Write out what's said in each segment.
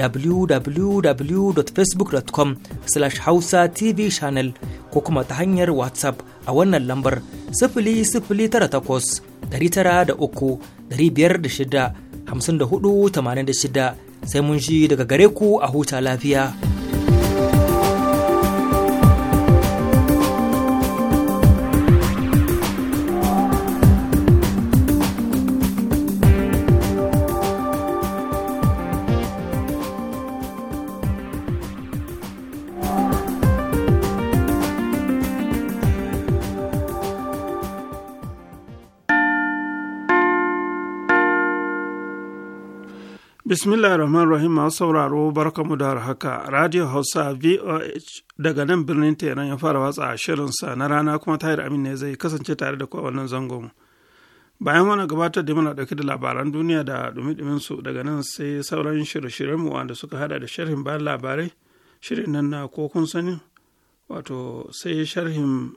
www.facebook.com slash hausa tv channel ko kuma ta hanyar whatsapp a wannan lambar sifili sifili da takwas ɗari tara uku biyar sai mun shi daga gare ku a huta lafiya. Bismillah rahim masu sauraro barkamu da haka Radio Hausa VOH daga nan birnin Teheran ya fara watsa shirinsa na rana kuma Tahir Amin ne zai kasance tare da wannan zangon. Bayan wani gabatar da muna dauke da labaran duniya da dumi su daga nan sai sauran shirye-shiryen mu wanda suka hada da sharhin bayan labarai shirin nan na ko kun sani wato sai sharhin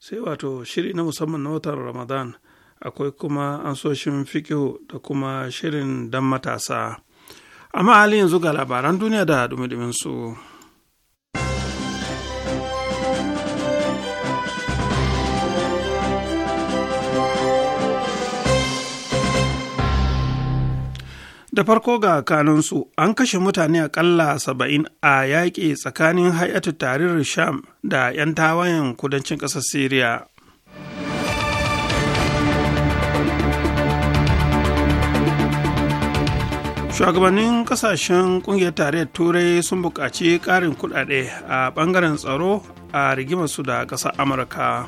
sai wato shiri na musamman na watan Ramadan akwai kuma ansoshin fikihu da kuma shirin dan matasa. A hali yanzu ga labaran duniya da dumi su. da farko ga kanunsu an kashe mutane akalla saba'in a yaƙi tsakanin hayatu tarir sham da 'yan tawayen kudancin ƙasar syria shugabannin kasashen kungiyar tarayyar turai sun buƙaci ƙarin kuɗaɗe a ɓangaren tsaro a rigimarsu da ƙasar amurka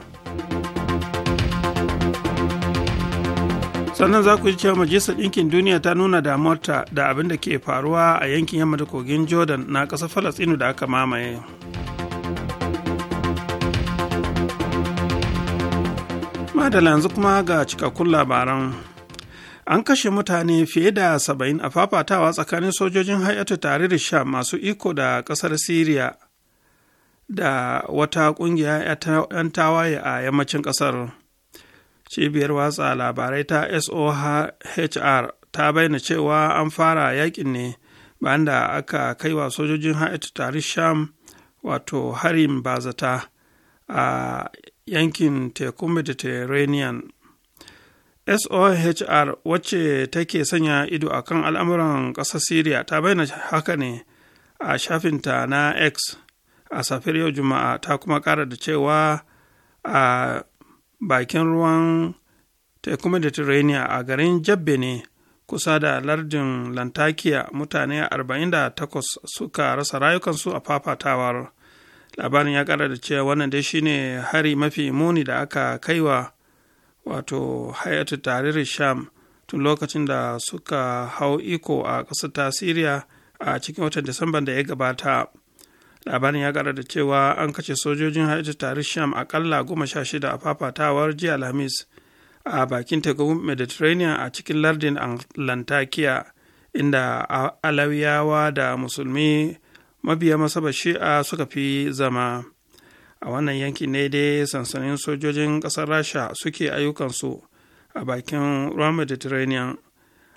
sannan za ku ji cewa majalisar ɗinkin duniya ta nuna damuwarta da abin da ke faruwa a yankin yamma da kogin jordan na ƙasar falastinu da aka mamaye madala yanzu kuma ga cikakkun labaran an kashe mutane fiye da saba'in a fafatawa tsakanin sojojin hayatu tare da sha masu iko da ƙasar siriya da wata ƙungiya 'yan tawaye a yammacin ƙasar cibiyar watsa labarai ta sohr ta bayyana cewa an fara yakin ne bayan da aka kai wa sojojin hayatu tare sham wato harin bazata a yankin tekun mediterranean sohr wacce take sanya ido a kan al'amuran ƙasar syria ta bayyana haka ne a shafinta na x a safiyar yau juma'a ta kuma ƙara da cewa a bakin ruwan teku mediterranean a garin jabbe ne kusa da lardin lantakiya mutane 48 suka rasa rayukansu a fafatawar labarin ya kara da cewa wannan dai shine hari mafi muni da aka kaiwa wato hayatu tarihi sham tun lokacin da suka hau iko a ƙasar ta siriya a cikin watan disamban da ya gabata labarin ya kara da cewa an kace sojojin hayatu tarihi sham akalla goma sha shida a fafatawar jiya alhamis a bakin tekun mediterranean a cikin lardin lantakiya inda alawiyawa da musulmi mabiya masaba shi'a suka fi zama a wannan yanki ne dai sansanin sojojin ƙasar rasha suke ayyukansu a bakin ruwan mediterranean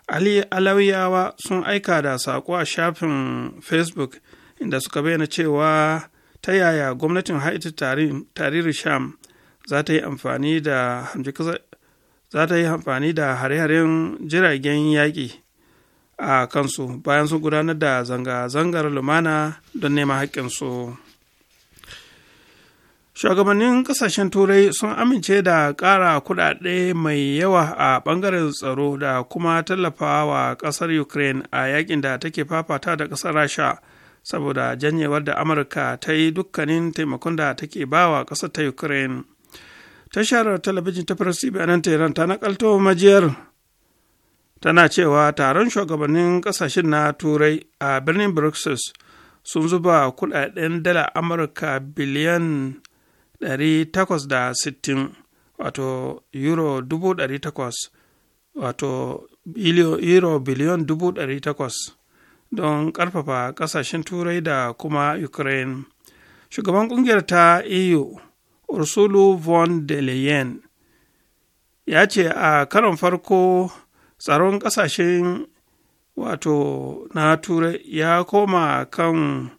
ali alawiyawa sun aika da saƙo a shafin facebook inda suka bayyana cewa ta yaya gwamnatin haiti tarihi sham za ta yi amfani da hare-haren jiragen yaƙi a kansu bayan sun gudanar da zanga-zangar lumana don neman haƙƙinsu. shugabannin kasashen turai sun amince da ƙara kuɗaɗe mai yawa a ɓangaren tsaro da kuma tallafawa ƙasar ukraine a yakin da take fafata da ƙasar rasha saboda janyewar da amurka ta yi dukkanin taimakon da take bawa ƙasar ta ukraine tashar talabijin ta farsi bayanan tehran ta nakalto majiyar tana cewa taron shugabannin ƙasashen na turai a birnin brussels sun zuba kuɗaɗen dala amurka biliyan 860 wato euro 800 wato euro biliyon 800 don ƙarfafa ƙasashen turai da kuma ukraine shugaban ƙungiyar ta eu ursulu von der leyen ya ce a karon farko tsaron ƙasashen wato na turai ya koma kan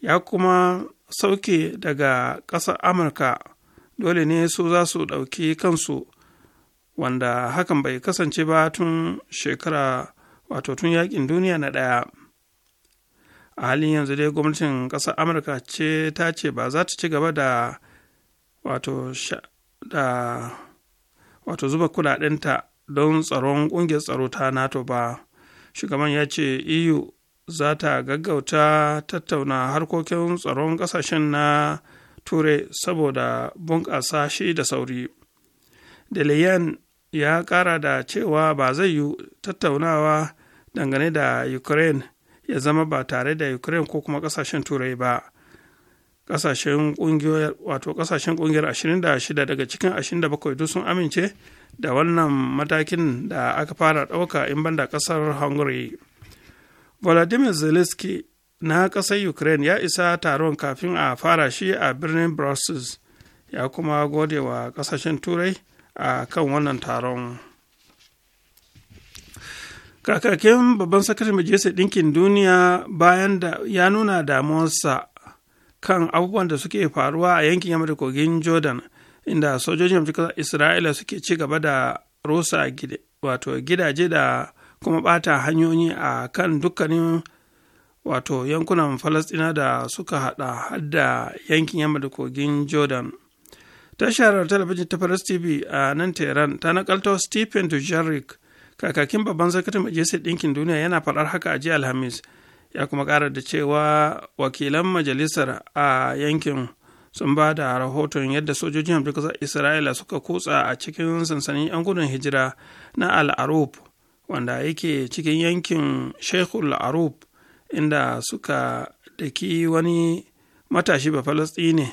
ya kuma sauke daga ƙasar amurka dole ne su za su ɗauki kansu wanda hakan bai kasance ba tun shekara wato tun yakin duniya na ɗaya a halin yanzu dai gwamnatin ƙasar amurka ce ta ce ba za ta ci gaba da wato da wato zuba kudadenta don tsaron ƙungiyar tsaro ta nato ba shugaban ya ce eu za ta gaggauta tattauna harkokin tsaron ƙasashen na turai saboda bunƙasa shi da sauri deleyan ya ƙara da cewa ba zai yi tattaunawa dangane da ukraine ya zama ba tare da ukraine ko kuma ƙasashen turai ba ƙasashen ƙungiyar wato ƙasashen ƙungiyar 26 daga cikin 27 duk sun amince da wannan matakin da aka fara ɗauka in banda ƙasar hungary volodymyr zelensky na ƙasar ukraine ya isa taron kafin a fara shi a birnin brussels ya kuma gode wa ƙasashen turai a kan wannan taron kakakin babban sakataren majalisar ɗinkin duniya bayan da ya nuna damuwarsa kan abubuwan da suke faruwa a yankin yamma da kogin jordan inda sojojin amurka isra'ila suke ci gaba da rusa wato gidaje da kuma ɓata hanyoyi a kan dukkanin wato yankunan falastina da suka hada hadda yankin yamma da kogin jordan tashar talabijin ta paris tv a nan tehran ta nakalto stephen dujarric kakakin babban sakataren majalisar ɗinkin duniya yana faɗar haka a jiya alhamis ya kuma ƙara da cewa wakilan majalisar a yankin sun ba da rahoton yadda sojojin amurka isra'ila suka kutsa a cikin sansanin 'yan gudun hijira na al-arub wanda yake cikin yankin sheikhul arub inda suka daki wani matashi ba falastini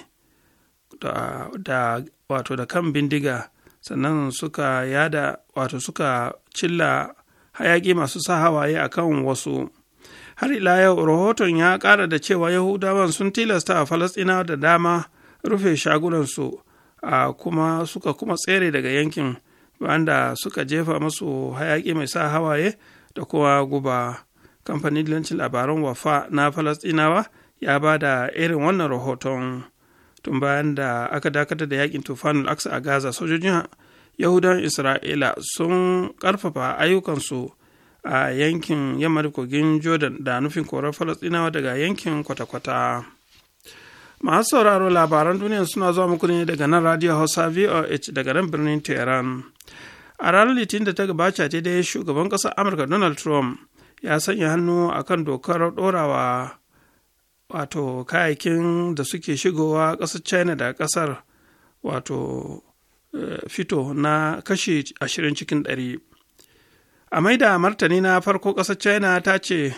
da, da wato da kan bindiga sannan suka yada wato suka cilla hayaƙi masu sa hawaye a kan wasu har ila yau rahoton ya ƙara da cewa yahudawan sun tilasta a falastinawa da dama rufe shagunansu a kuma suka kuma tsere daga yankin da suka jefa masu hayaki mai sa hawaye da kuma guba kamfanin dilancin labaran wafa na falastinawa ya ba da irin wannan rahoton tun bayan da aka dakatar da yakin tufanin al'aksa a gaza sojojin yahudan isra'ila sun karfafa ayyukansu a yankin yammar kogin jordan da nufin korar falastinawa daga yankin kwata-kwata masu sauraro labaran duniya suna zuwa muku ne daga nan radio hausa voh daga nan birnin tehran a ranar litinin da ta gabata ta dai shugaban ƙasar amurka donald trump ya sanya hannu a kan dokar ɗorawa wato kayayyakin da suke shigowa ƙasar china da kasar wato eh, fito na kashi ashirin cikin ɗari a maida martani na farko ƙasar china ta ce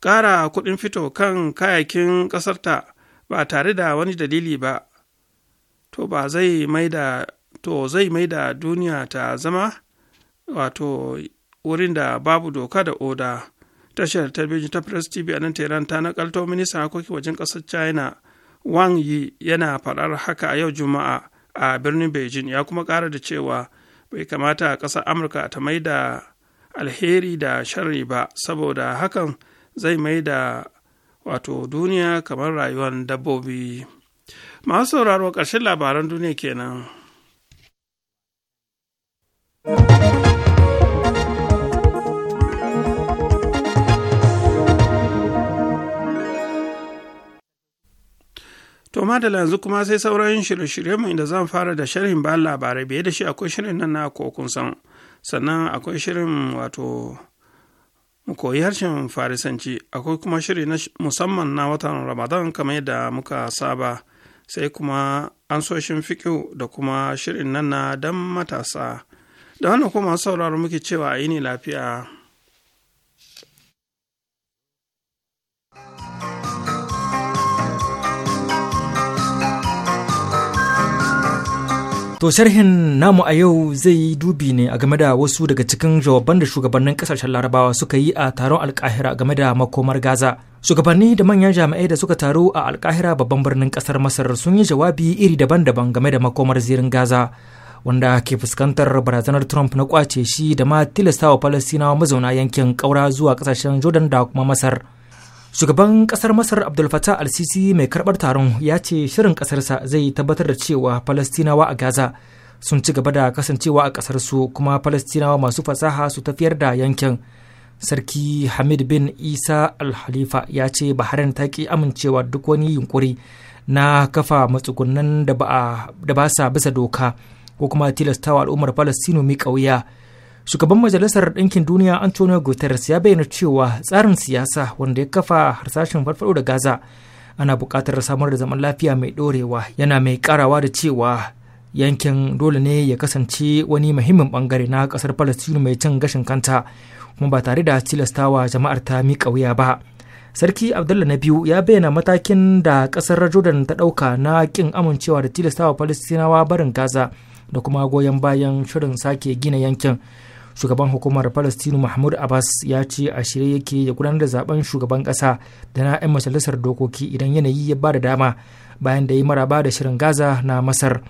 ƙara kuɗin fito kan kayayyakin ƙasarta ba tare da wani dalili ba to ba zai mai to zai da duniya ta zama wato wurin da babu doka da oda tashar talabijin ta press tv a nan tehran ta nakalto ministan harkokin wajen ƙasar china wang yi yana faɗar haka a yau juma'a a birnin beijing ya kuma ƙara da cewa bai kamata ƙasar amurka ta mai da alheri da sharri ba saboda hakan zai mai da. wato duniya kamar rayuwar dabbobi masu sauraro ƙarshen labaran duniya kenan. To madala yanzu kuma sai sauran shirye mu inda zan fara da sharhin ba labarai biye da shi akwai shirin nan na kokun san sannan akwai shirin wato mu koyi harshen farisanci akwai kuma shiri na musamman na watan ramadan kamar yadda muka saba sai kuma an soshin fiƙo da kuma shirin nan na dan matasa da wannan kuma sauraro muke cewa yi ne lafiya To sharhin namu a yau zai yi dubi ne a game da wasu daga cikin jawaban da shugabannin kasashen larabawa suka yi a taron alkahira game da makomar Gaza. Shugabanni da manyan jami'ai da suka taru a alkahira babban birnin kasar Masar sun yi jawabi iri daban-daban game da makomar zirin Gaza. wanda ke fuskantar barazanar Trump na kwace shi da ma tilastawa Falastinawa mazauna yankin ƙaura zuwa kasashen Jordan da kuma Masar. shugaban kasar masar abdul fatah al-sisi mai karbar taron ya ce shirin kasarsa zai tabbatar da cewa falastinawa a gaza sun ci gaba da kasancewa a kasarsu kuma falastinawa masu fasaha su tafiyar da yankin sarki hamid bin isa al-halifa ya ce bahrain ta ki amincewa duk wani yunkuri na kafa matsugunan da ba sa bisa doka ko kuma tilastawa al'ummar falastinu mai ƙauya shugaban majalisar ɗinkin duniya antonio guterres ya bayyana cewa tsarin siyasa wanda ya kafa harsashen farfado da gaza ana buƙatar samar da zaman lafiya mai ɗorewa yana mai ƙarawa da cewa yankin dole ne ya kasance wani muhimmin bangare na ƙasar palestine mai cin gashin kanta kuma ba tare da tilastawa jama'ar ta miƙa wuya ba sarki abdullah na biyu ya bayyana matakin da ƙasar jordan ta ɗauka na ƙin amincewa da tilastawa palestinawa barin gaza da kuma goyon bayan shirin sake gina yankin shugaban hukumar palestinu mahmud abbas ya ce a shirye yake ya gudanar da zaben shugaban kasa da na 'yan majalisar dokoki idan yanayi ya ba da dama bayan da ya maraba da shirin gaza na masar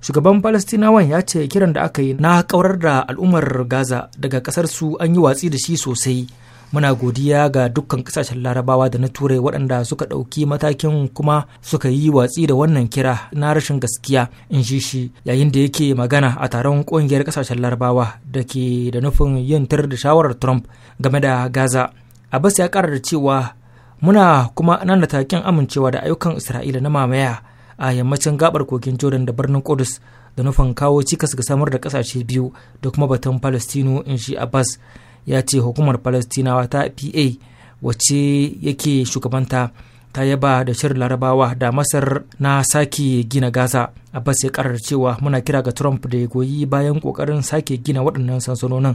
shugaban palestinawan ya ce kiran da aka yi na kaurar da al'ummar gaza daga kasar su an yi watsi da shi sosai muna godiya ga dukkan kasashen larabawa da na turai waɗanda suka ɗauki matakin kuma suka yi watsi da wannan kira na rashin gaskiya in shi shi yayin da yake magana a taron ƙungiyar kasashen larabawa da ke da nufin yin tar da shawarar trump game da gaza abbas ya ƙara da cewa muna kuma nan da takin amincewa da ayyukan isra'ila na mamaya a yammacin gabar kogin jordan da birnin kudus da nufin kawo cikas ga samar da kasashe biyu da kuma batun palestino in shi abbas ya ce hukumar palestinawa ta pa wacce yake shugabanta ta yaba da shirin larabawa da masar na sake gina gaza abbas ya karar cewa muna kira ga trump da ya goyi bayan kokarin sake gina waɗannan sansanonin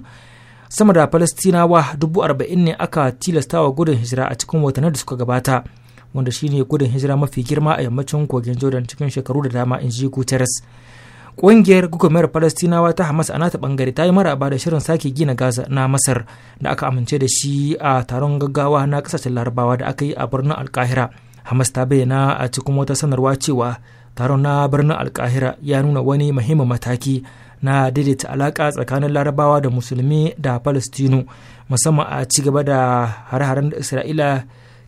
sama da palestinawa dubu arba'in ne aka tilastawa gudun hijira a cikin watanni da suka gabata wanda shine gudun hijira mafi girma a yammacin kogin jordan cikin shekaru da dama in ji guterres Ƙungiyar gugumar Falastinawa ta Hamas a nata bangare ta yi maraba da shirin sake gina Gaza na Masar da aka amince da shi a taron gaggawa na kasashen Larabawa da aka yi a birnin Alkahira. Hamas ta bayyana a cikin wata sanarwa cewa taron na birnin Alkahira ya nuna wani muhimmin mataki na daidaita alaka tsakanin Larabawa da Musulmi da Falastinu musamman a ci gaba da hare-haren da Isra'ila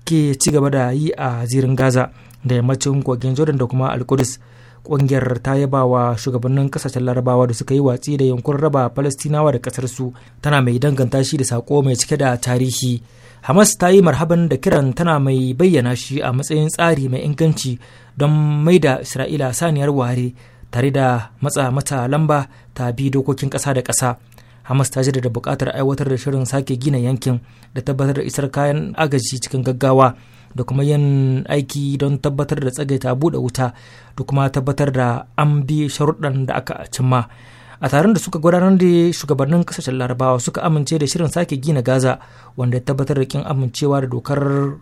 ke ci gaba da yi a zirin Gaza da yammacin kogin Jordan da kuma Alkudus. ƙungiyar ta yaba wa shugabannin kasashen larabawa da suka yi watsi da yankun raba falastinawa da ƙasarsu su tana mai danganta shi da sako mai cike da tarihi hamas ta yi marhaban da kiran tana mai bayyana shi a matsayin tsari mai inganci don mai da isra'ila saniyar ware tare da matsa mata lamba ta bi dokokin ƙasa da ƙasa Hamas ta jaddada bukatar aiwatar da shirin sake gina yankin da tabbatar da isar kayan agaji cikin gaggawa da kuma yin aiki don tabbatar da tsagaita buɗe wuta da kuma tabbatar da an bi sharuɗan da aka cimma a taron da suka gudanar da shugabannin kasashen larabawa suka amince da shirin sake gina gaza wanda ya tabbatar da kin amincewa da dokar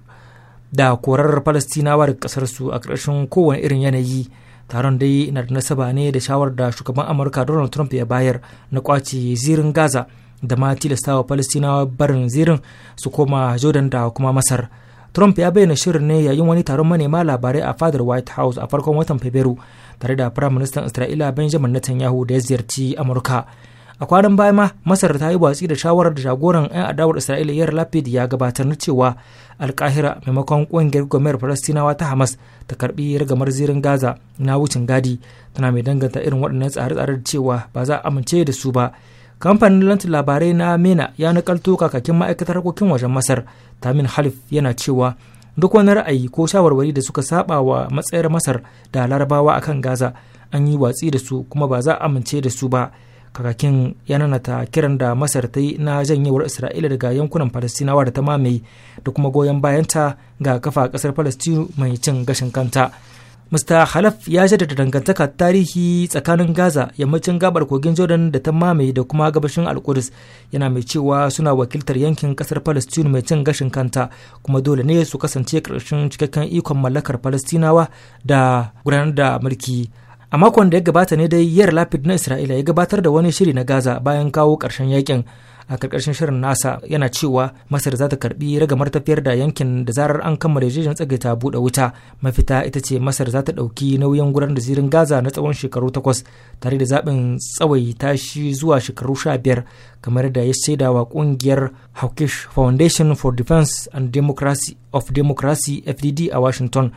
da korar falastinawa da ƙasar su a ƙarshen kowane irin yanayi taron dai na da nasaba ne da shawarar da shugaban amurka donald trump ya bayar na kwace zirin gaza da ma tilastawa falastinawa barin zirin su koma jordan da kuma masar Trump ya bayyana shirin ne yayin wani taron manema labarai a fadar White House a farkon watan Fabrairu tare da Prime Minister Isra'ila Benjamin Netanyahu da ya ziyarci Amurka. A kwanan baya ma Masar ta yi watsi da shawarar da jagoran 'yan adawar Isra'ila Yair Lapid ya gabatar na cewa Alkahira maimakon ƙungiyar gwamnatin Falastinawa ta Hamas ta karbi ragamar zirin Gaza na wucin gadi tana mai danganta irin waɗannan tsare-tsare da cewa ba za a amince da su ba. kamfanin lantin labarai na mena ya nakalto kakakin ma'aikatar harkokin wajen masar tamin halif yana cewa duk wani ra'ayi ko shawarwari da suka saba wa matsayar masar da larabawa akan gaza an yi watsi da su kuma ba za a amince da su ba kakakin ya nanata kiran da masar ta yi na janyewar isra'ila daga yankunan falastinawa da ta mamaye da kuma goyon bayanta ga kafa kasar falastinu mai cin gashin kanta Mr. Halaf ya jaddada dangantaka tarihi tsakanin Gaza, yammacin gabar kogin Jordan da ta mamaye da kuma gabashin Alkudus, yana mai cewa suna wakiltar yankin kasar Palestine mai cin gashin kanta, kuma dole ne su kasance ƙarshen cikakken ikon mallakar Palestinawa da gudanar da mulki. A makon da ya gabata ne dai Yar Lapid na Isra'ila ya gabatar da wani shiri na Gaza bayan kawo ƙarshen yakin. a karkashin shirin nasa yana cewa masar za ta karbi ragamar tafiyar da yankin da zarar an kammala yarjejen tsagaita buɗe wuta mafita ita ce masar za ta ɗauki nauyin gudanar da zirin gaza na tsawon shekaru takwas tare da zaɓin tsawai shi zuwa shekaru sha biyar kamar da ya shaida wa ƙungiyar hawkish foundation for defense and democracy of democracy fdd a washington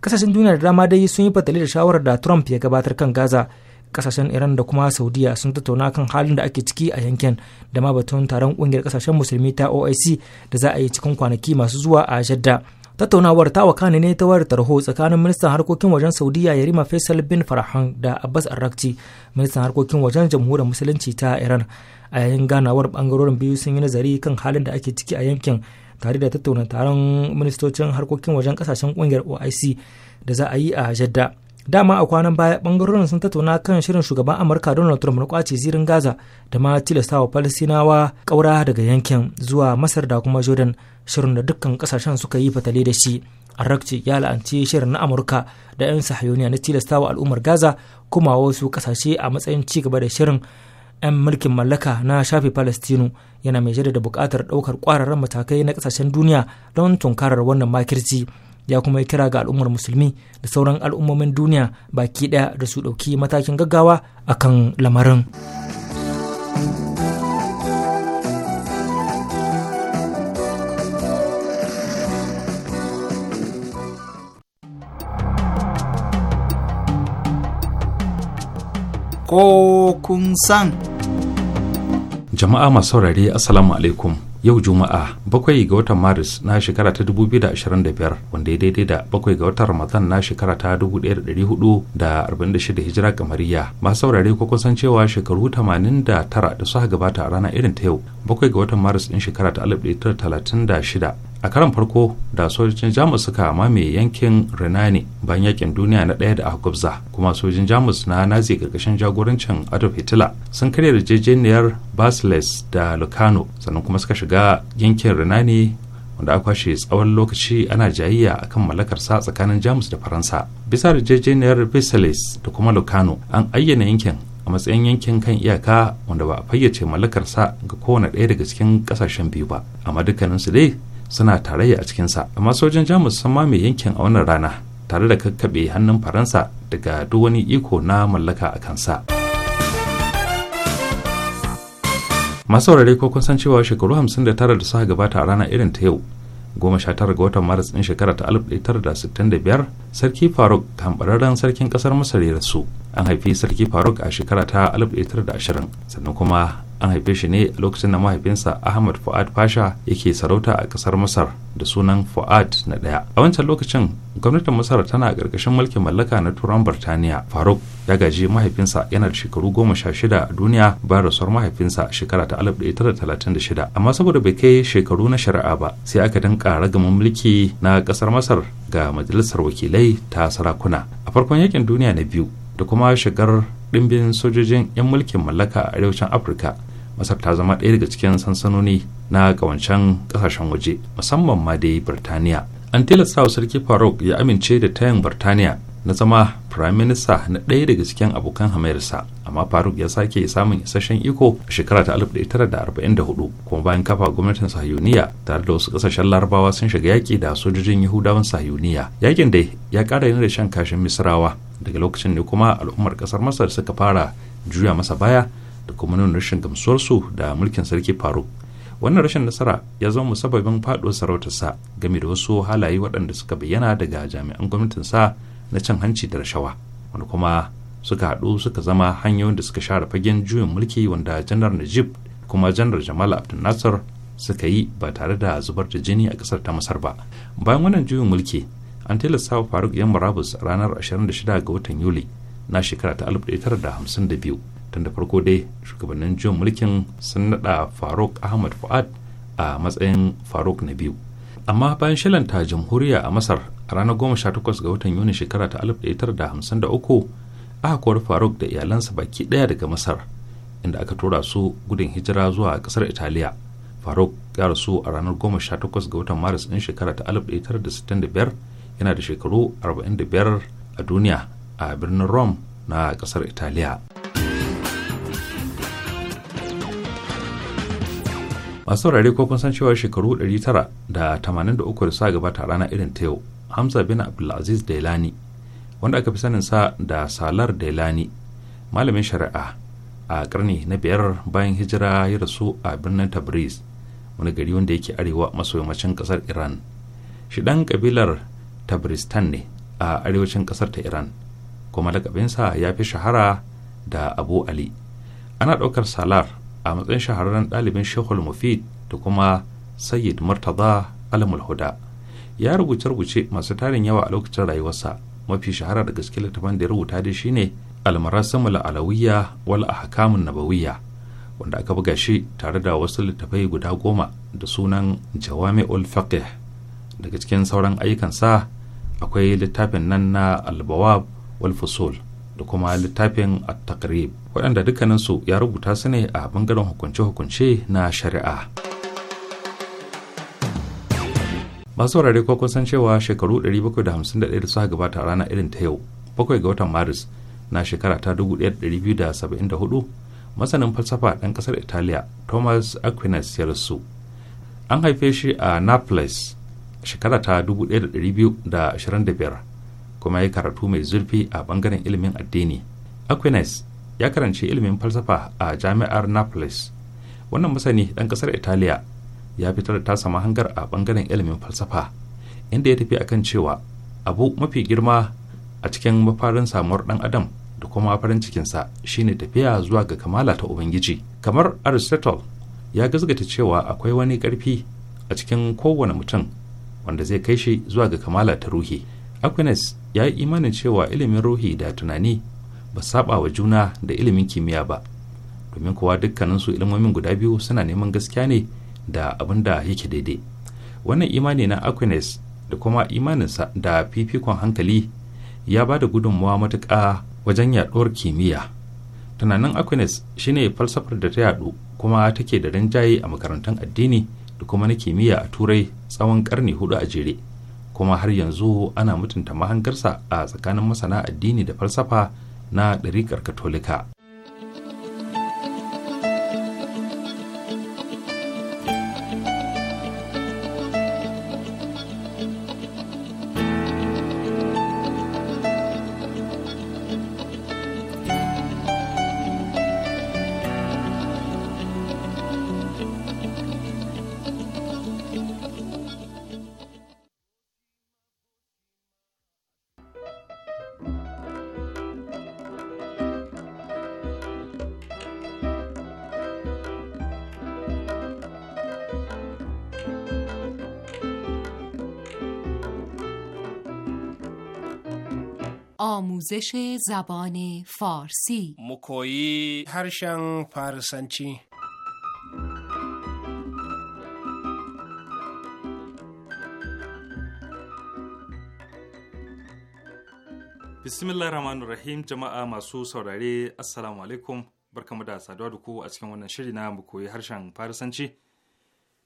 kasashen duniya da dama dai sun yi fatali da shawarar da trump ya gabatar kan gaza kasashen iran da kuma saudiya sun tattauna kan halin da ake ciki a yankin da ma batun taron kungiyar kasashen musulmi ta oic da za a yi cikin kwanaki masu zuwa a jadda tattaunawar ta wakane ne ta wayar tarho tsakanin ministan harkokin wajen saudiya yarima faisal bin farhan da abbas arrakci ministan harkokin wajen jamhuriyar musulunci ta iran a yayin ganawar bangarorin biyu sun yi nazari kan halin da ake ciki a yankin tare da tattauna taron ministocin harkokin wajen kasashen kungiyar oic da za a yi a jadda dama a kwanan baya bangarorin sun tattauna kan shirin shugaban amurka donald trump na kwace zirin gaza da ma tilastawa falastinawa kaura daga yankin zuwa masar da kuma jordan shirin da dukkan kasashen suka yi fatale da shi arakci ya la'anci shirin na amurka da 'yan sahiyoniya na tilastawa al'ummar gaza kuma wasu kasashe a matsayin ci gaba da shirin 'yan mulkin mallaka na shafe palestinu yana mai jaddada buƙatar ɗaukar ƙwararren matakai na kasashen duniya don tunkarar wannan makirci ya kuma yi kira ga al'ummar musulmi da sauran al'ummomin duniya baki ɗaya da su ɗauki matakin gaggawa a kan lamarin. Ko kun san. Jama'a masu saurare Assalamu alaikum. yau juma'a bakwai ga watan maris na shekara ta 2025 wanda ya daidai da bakwai ga watan ramadan na shekara ta 1446 hijira kamariya masu saurare ko kusan cewa shekaru 89 da suka gabata a rana irin ta yau bakwai ga watan maris din shekara ta 1936 a karan farko da sojojin jamus suka mamaye yankin renani bayan yakin duniya na ɗaya da aka kuma sojojin jamus na nazi gargashin jagorancin adolf hitler sun karya jejeniyar basiles da lucano sannan kuma suka shiga yankin renani wanda aka kwashe tsawon lokaci ana jayayya akan mallakarsa tsakanin jamus da faransa bisa da jejeniyar basiles da kuma lucano an ayyana yankin a matsayin yankin kan iyaka wanda ba a fayyace mallakarsa ga kowane ɗaya daga cikin kasashen biyu ba amma dukkaninsu dai suna tarayya a cikinsa amma sojin jamus sun mame yankin a wannan rana tare da kakkaɓe hannun faransa daga duk wani iko na mallaka a kansa masu saurare ko kun san cewa shekaru 59 da suka gabata a rana irin ta yau goma sha tara ga watan maris ɗin shekara ta alif ɗaya tara da sittin da biyar sarki faruk kambararren sarkin ƙasar masar ya rasu an haifi sarki faruk a shekara ta alif ɗaya tara da ashirin sannan kuma an haife shi ne a lokacin da mahaifinsa ahmad fu'ad pasha yake sarauta a kasar masar da sunan fu'ad na daya a wancan lokacin gwamnatin masar tana ƙarƙashin mulkin mallaka na turan birtaniya faruk ya gaji mahaifinsa yana da shekaru goma sha shida a duniya bayan rasuwar mahaifinsa shekara ta alif ɗaya tara talatin da shida amma saboda bai kai shekaru na shari'a ba sai aka dinka ragamin mulki na kasar masar ga majalisar wakilai ta sarakuna a farkon yakin duniya na biyu da kuma shigar ɗimbin sojojin 'yan mulkin mallaka a arewacin afirka masar ta zama ɗaya daga cikin sansanoni na ƙawancen ƙasashen waje musamman ma dai birtaniya an tilasta wa sarki faruk ya amince da tayan birtaniya na zama firaminista na ɗaya daga cikin abokan hamayarsa amma faruk ya sake samun isasshen iko a shekara ta 1944 kuma bayan kafa gwamnatin sahiyuniya tare da wasu kasashen larabawa sun shiga yaƙi da sojojin yahudawan sahiyuniya yaƙin dai ya ƙara yin da shan kashin misrawa daga lokacin ne kuma al'ummar ƙasar masar suka fara juya masa baya da kuma nuna rashin gamsuwarsu da mulkin sarki faruk wannan rashin nasara ya zama musababin faɗuwar sa game da wasu halaye waɗanda suka bayyana daga jami'an gwamnatin sa na cin hanci da rashawa wanda kuma suka haɗu suka zama hanyoyin da suka share fagen juyin mulki wanda janar najib kuma janar jamal abdul nasir suka yi ba tare da zubar da jini a ƙasar ta masar ba bayan wannan juyin mulki an tilasta wa faruk yan murabus ranar 26 ga watan yuli na shekara ta 1952 tun da farko dai shugabannin jin mulkin sun naɗa faruk ahmad fuad a matsayin faruk na biyu amma bayan shilanta jamhuriya a masar a ranar 18 ga watan yuni shekara ta 1953 aka kori faruk da iyalansa baki ɗaya daga masar inda aka tura su gudun hijira zuwa kasar italiya faruk ya rasu a ranar 18 ga watan maris din shekara ta 1965 yana da shekaru 45 a duniya a birnin rome na kasar italiya masu saurare ko kun san cewa shekaru 983 da sa gabata a rana irin ta yau hamza bin abdulaziz dailani wanda aka fi sanin sa da salar dailani malamin shari'a a karni na biyar bayan hijira ya rasu a birnin tabriz wani gari wanda yake arewa maso yammacin kasar iran shi dan kabilar tabristan ne a arewacin kasar ta iran kuma lakabinsa ya fi shahara da abu ali ana ɗaukar salar a matsayin shahararren ɗalibin shekul mufid da kuma sayyid murtaza alamul huda ya rubuce rubuce masu tarin yawa a lokacin rayuwarsa mafi shahara da gaske littafin da ya rubuta dai shine almarasimul alawiyya wal ahkamun nabawiyya wanda aka buga shi tare da wasu littafai guda goma da sunan jawami'ul faqih daga cikin sauran ayyukansa akwai littafin nan na albawab wal fusul da kuma littafin at-taqrib waɗanda dukkaninsu ya rubuta su ne a bangaren hukunce-hukunce na shari'a masu wurare ko kun san cewa shekaru 751 da suka gabata rana irin ta yau bakwai ga watan maris na shekara ta 1274 masanin falsafa ɗan ƙasar italiya thomas aquinas ya rasu an haife shi a naples shekara ta 1225 kuma ya karatu mai zurfi a bangaren ilimin addini aquinas ya karanci ilimin falsafa a jami'ar naples wannan masani ɗan ƙasar italiya ya fitar da tasa mahangar a bangaren ilimin falsafa inda ya tafi a kan cewa abu mafi girma a cikin mafarin samuwar ɗan adam da kuma farin cikinsa shine tafiya zuwa ga kamala ta ubangiji kamar aristotle ya gazgata cewa akwai wani ƙarfi a cikin kowane mutum wanda zai kai shi zuwa ga kamala ta ruhi aquinas ya yi imanin cewa ilimin ruhi da tunani ba saba wa juna da ilimin kimiyya ba domin kuwa dukkaninsu ilimomin guda biyu suna neman gaskiya ne da abin da yake daidai wannan imani na aquinas da kuma imaninsa da fifikon hankali ya ba da gudunmawa matuƙa wajen yaɗuwar kimiyya tunanin aquinas shine falsafar da ta yaɗu kuma take da rinjaye a makarantun addini da kuma na kimiyya a turai tsawon ƙarni hudu a jere kuma har yanzu ana mutunta mahangarsa a tsakanin masana addini da falsafa na ɗariƙar katolika آموزش زبان فارسی harshen هرشن فارسنچی bismillah rahman rahim jama'a masu saurare assalamu alaikum barkamu da saduwa da ku a cikin wannan shiri na mu koyi harshen farisanci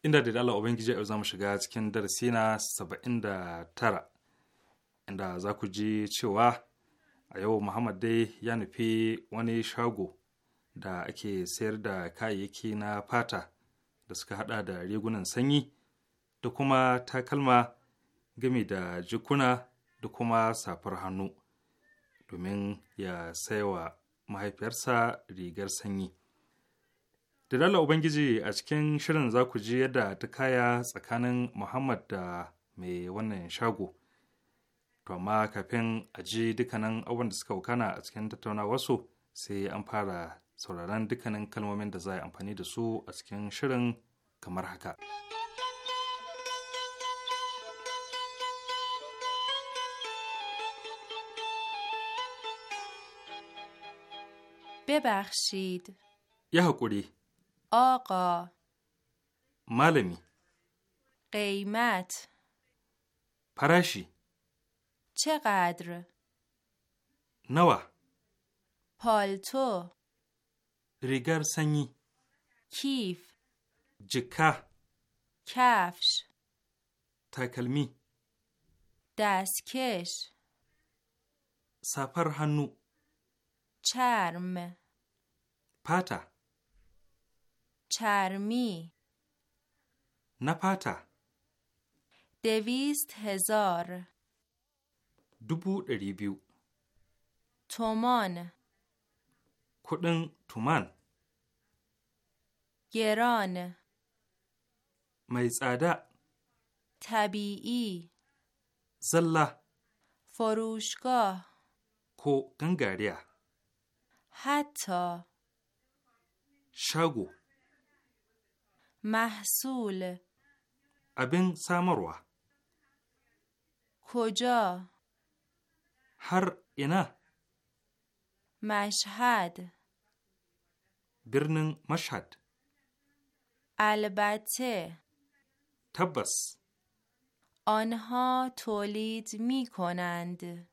inda da Allah ubangiji yau zamu shiga cikin darasi na 79 inda za ku ji cewa a yau muhammad dai ya nufi wani shago da ake sayar da kayayyaki na fata da suka hada da rigunan sanyi da kuma takalma gami da jikuna da kuma safar hannu domin ya saiwa mahaifiyarsa rigar sanyi da dala ubangiji a cikin shirin za ku ji yadda ta kaya tsakanin muhammad da mai wannan shago to amma kafin a ji dukkanin abubuwan da suka wakana a cikin wasu sai an fara sauraron dukkanin kalmomin da za a amfani da su a cikin shirin kamar haka. ببخشید یه حقوری آقا malami. قیمت پرشی چقدر؟ نوا پالتو ریگر سنی کیف جکه کفش تکلمی دستکش سفر هنو چرم پاتا چرمی نپاتا دویست هزار dubu ɗari biyu. Tumon. Kuɗin tuman. Geron. Mai tsada. Tabi'i. Zalla. Forushka. Ko gangariya. Hatta. Shago. Mahsul. Abin samarwa. koja هر اینا مشهد برنن مشهد البته تبس آنها تولید می کنند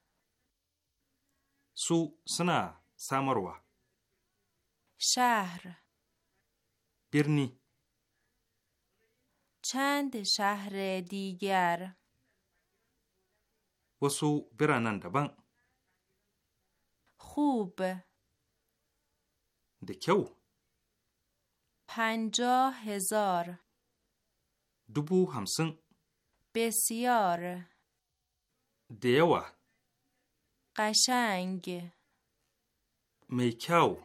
سو سنا سامروا شهر برنی چند شهر دیگر وسو برانن دبن خوب دکو پنجاه هزار دوبو همسن بسیار دیوا قشنگ میکاو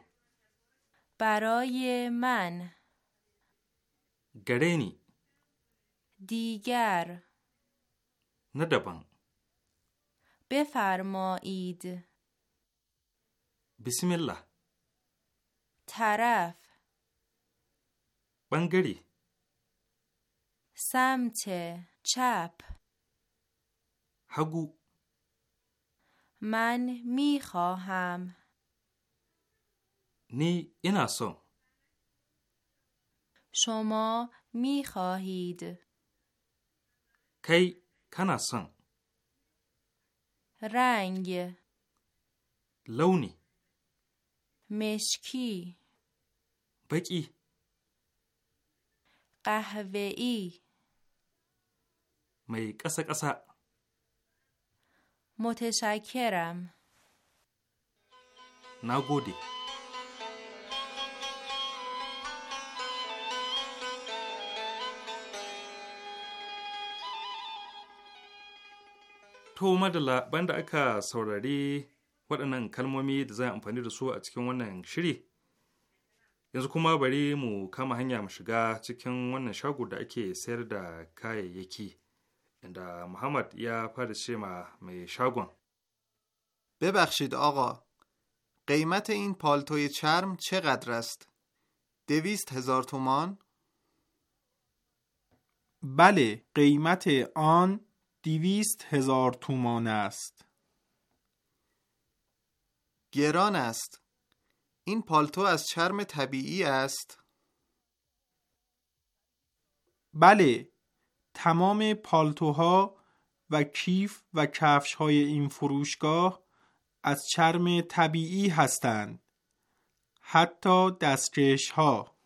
برای من گرینی دیگر ندبن بفرمایید بسم الله طرف بنگری سمت چپ حقو. من می خواهم نی اینا شما می خواهید کی کناسان رنگ لونی مشکی بکی قهوه‌ای می قسا قسا متشکرم نگودی To madalla banda aka saurari waɗannan kalmomi da za a amfani da su a cikin wannan shiri. Yanzu kuma bari mu kama hanya mu shiga cikin wannan shago da ake sayar da kayayyaki. Inda Muhammad ya fara ce ma mai shagon. ببخشید آقا قیمت این پالتوی چرم چقدر است؟ دویست هزار تومان؟ بله قیمت آن دیویست هزار تومان است گران است این پالتو از چرم طبیعی است بله تمام پالتوها و کیف و کفش های این فروشگاه از چرم طبیعی هستند حتی دستکش ها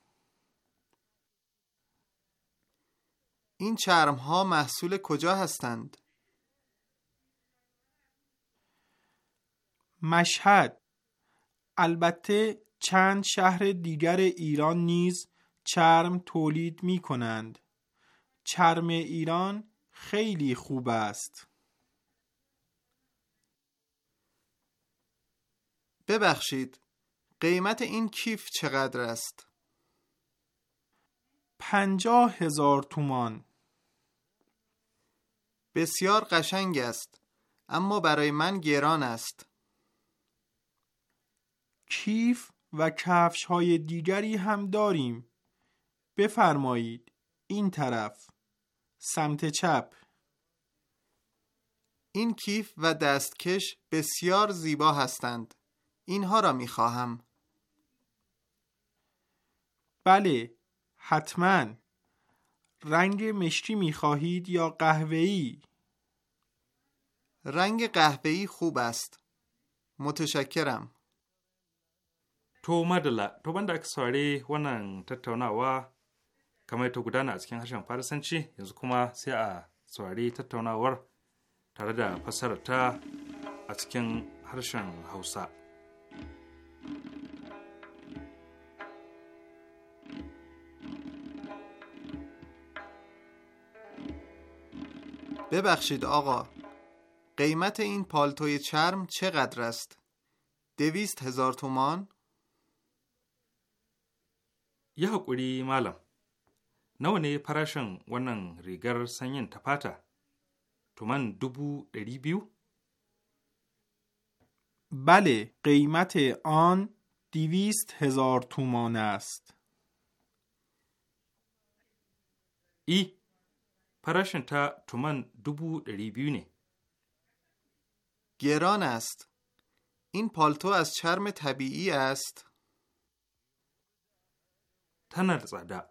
این چرم ها محصول کجا هستند؟ مشهد البته چند شهر دیگر ایران نیز چرم تولید می کنند. چرم ایران خیلی خوب است. ببخشید قیمت این کیف چقدر است؟ پنجاه هزار تومان بسیار قشنگ است اما برای من گران است کیف و کفش های دیگری هم داریم بفرمایید این طرف سمت چپ این کیف و دستکش بسیار زیبا هستند اینها را می خواهم. بله حتما رنگ مشکی می خواهید یا قهوه‌ای؟ رنگ قهوه‌ای خوب است. متشکرم. To madala, to banda aka saurari wannan tattaunawa kamar ta gudana a cikin harshen Farisanci yanzu kuma sai a saurari tattaunawar tare da fasarta a cikin harshen Hausa. ببخشید آقا قیمت این پالتوی چرم چقدر است؟ دویست هزار تومان؟ یه حقوری مالم نوانه پراشن ونن ریگر سنین تپاتا. تومان دوبو دری بیو بله قیمت آن دویست هزار تومان است ای فرشن تا تومن دوبو ریبیونه. نه. گران است. این پالتو از چرم طبیعی است. تنر زده.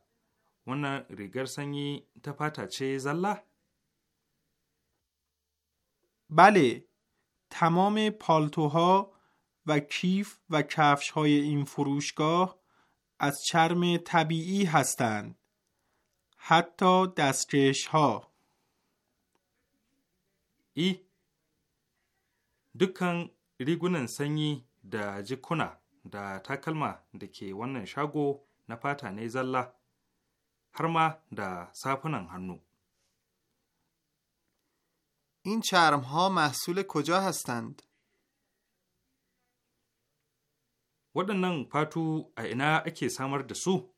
ونا ریگر سنگی تپت چه زله؟ بله تمام پالتوها و کیف و کفش های این فروشگاه از چرم طبیعی هستند. حتی دستکش ها E! دکان rigunan sanyi da jikuna da takalma da ke wannan shago na fata ne zalla har ma da safunan hannu. این چرم ها محصول کجا waɗannan fatu a ina ake samar da su?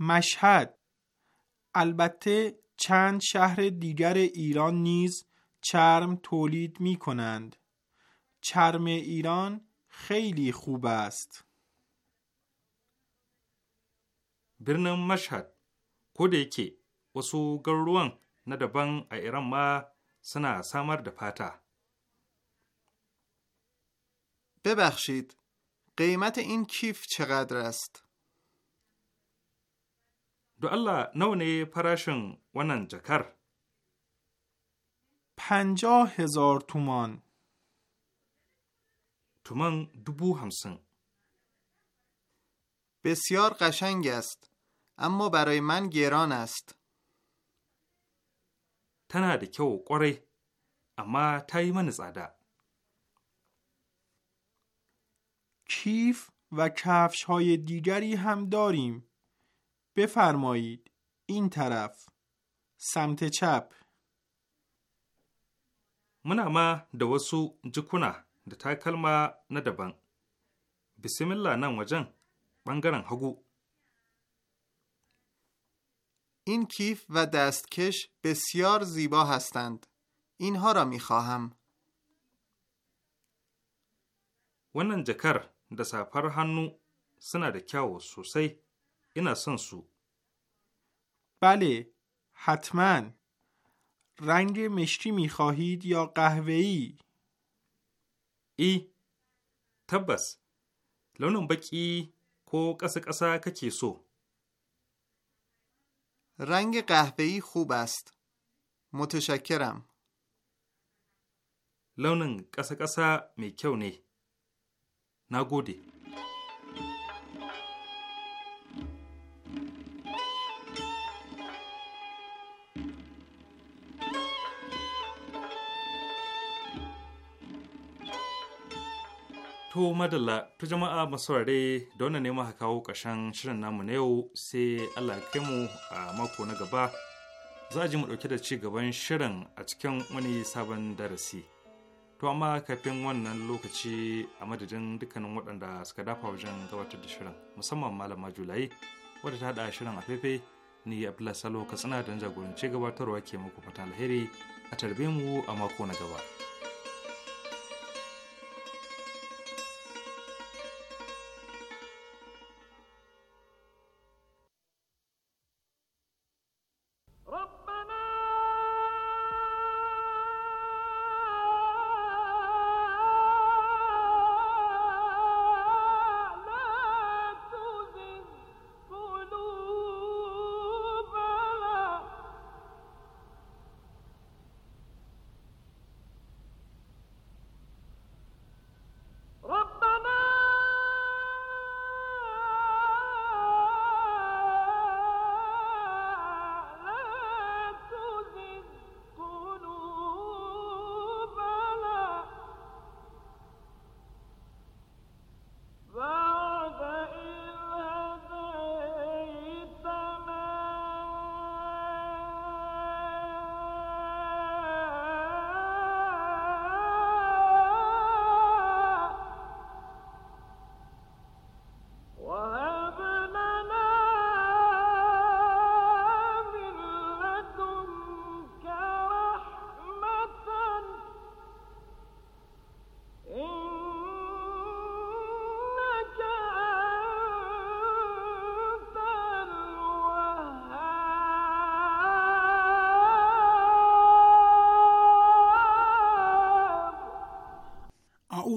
مشهد البته چند شهر دیگر ایران نیز چرم تولید می کنند چرم ایران خیلی خوب است برنم مشهد. ko که وسو گروان ندبان na daban a iran ma ببخشید قیمت این کیف چقدر است؟ دو الله نو نه ننجکر پنجاه هزار تومان تومان دوبو همسنگ بسیار قشنگ است اما برای من گران است تنها da kyau اما amma زده کیف و کفش های دیگری هم داریم. بفرمایید این طرف سمت چپ muna ma da wasu jikuna da takalma na daban. Bismillah nan wajen ɓangaren hagu. این کیف و دستکش بسیار زیبا hastand اینها را می خواهم. wannan jakar da safar hannu suna da kyawu sosai ina son su بله حتما رنگ مشکی می خواهید یا قهوه ای تبس لونم بکی کو قس قسا ککی سو رنگ ای خوب است متشکرم لونن قس قسا می نگودی To madalla to jama'a masaurare da wannan ne maka kawo ƙarshen shirin namu na yau sai Allah kai mu a mako na gaba za a ji mu ɗauke da ci gaban shirin a cikin wani sabon darasi. To amma kafin wannan lokaci a madadin dukkanin waɗanda suka dafa wajen gabatar da shirin musamman malama Julai wadda ta haɗa shirin a fefe ni Abdullahi Salo Katsina don jagoranci gabatarwa ke muku fatan alheri a tarbe mu a mako na gaba.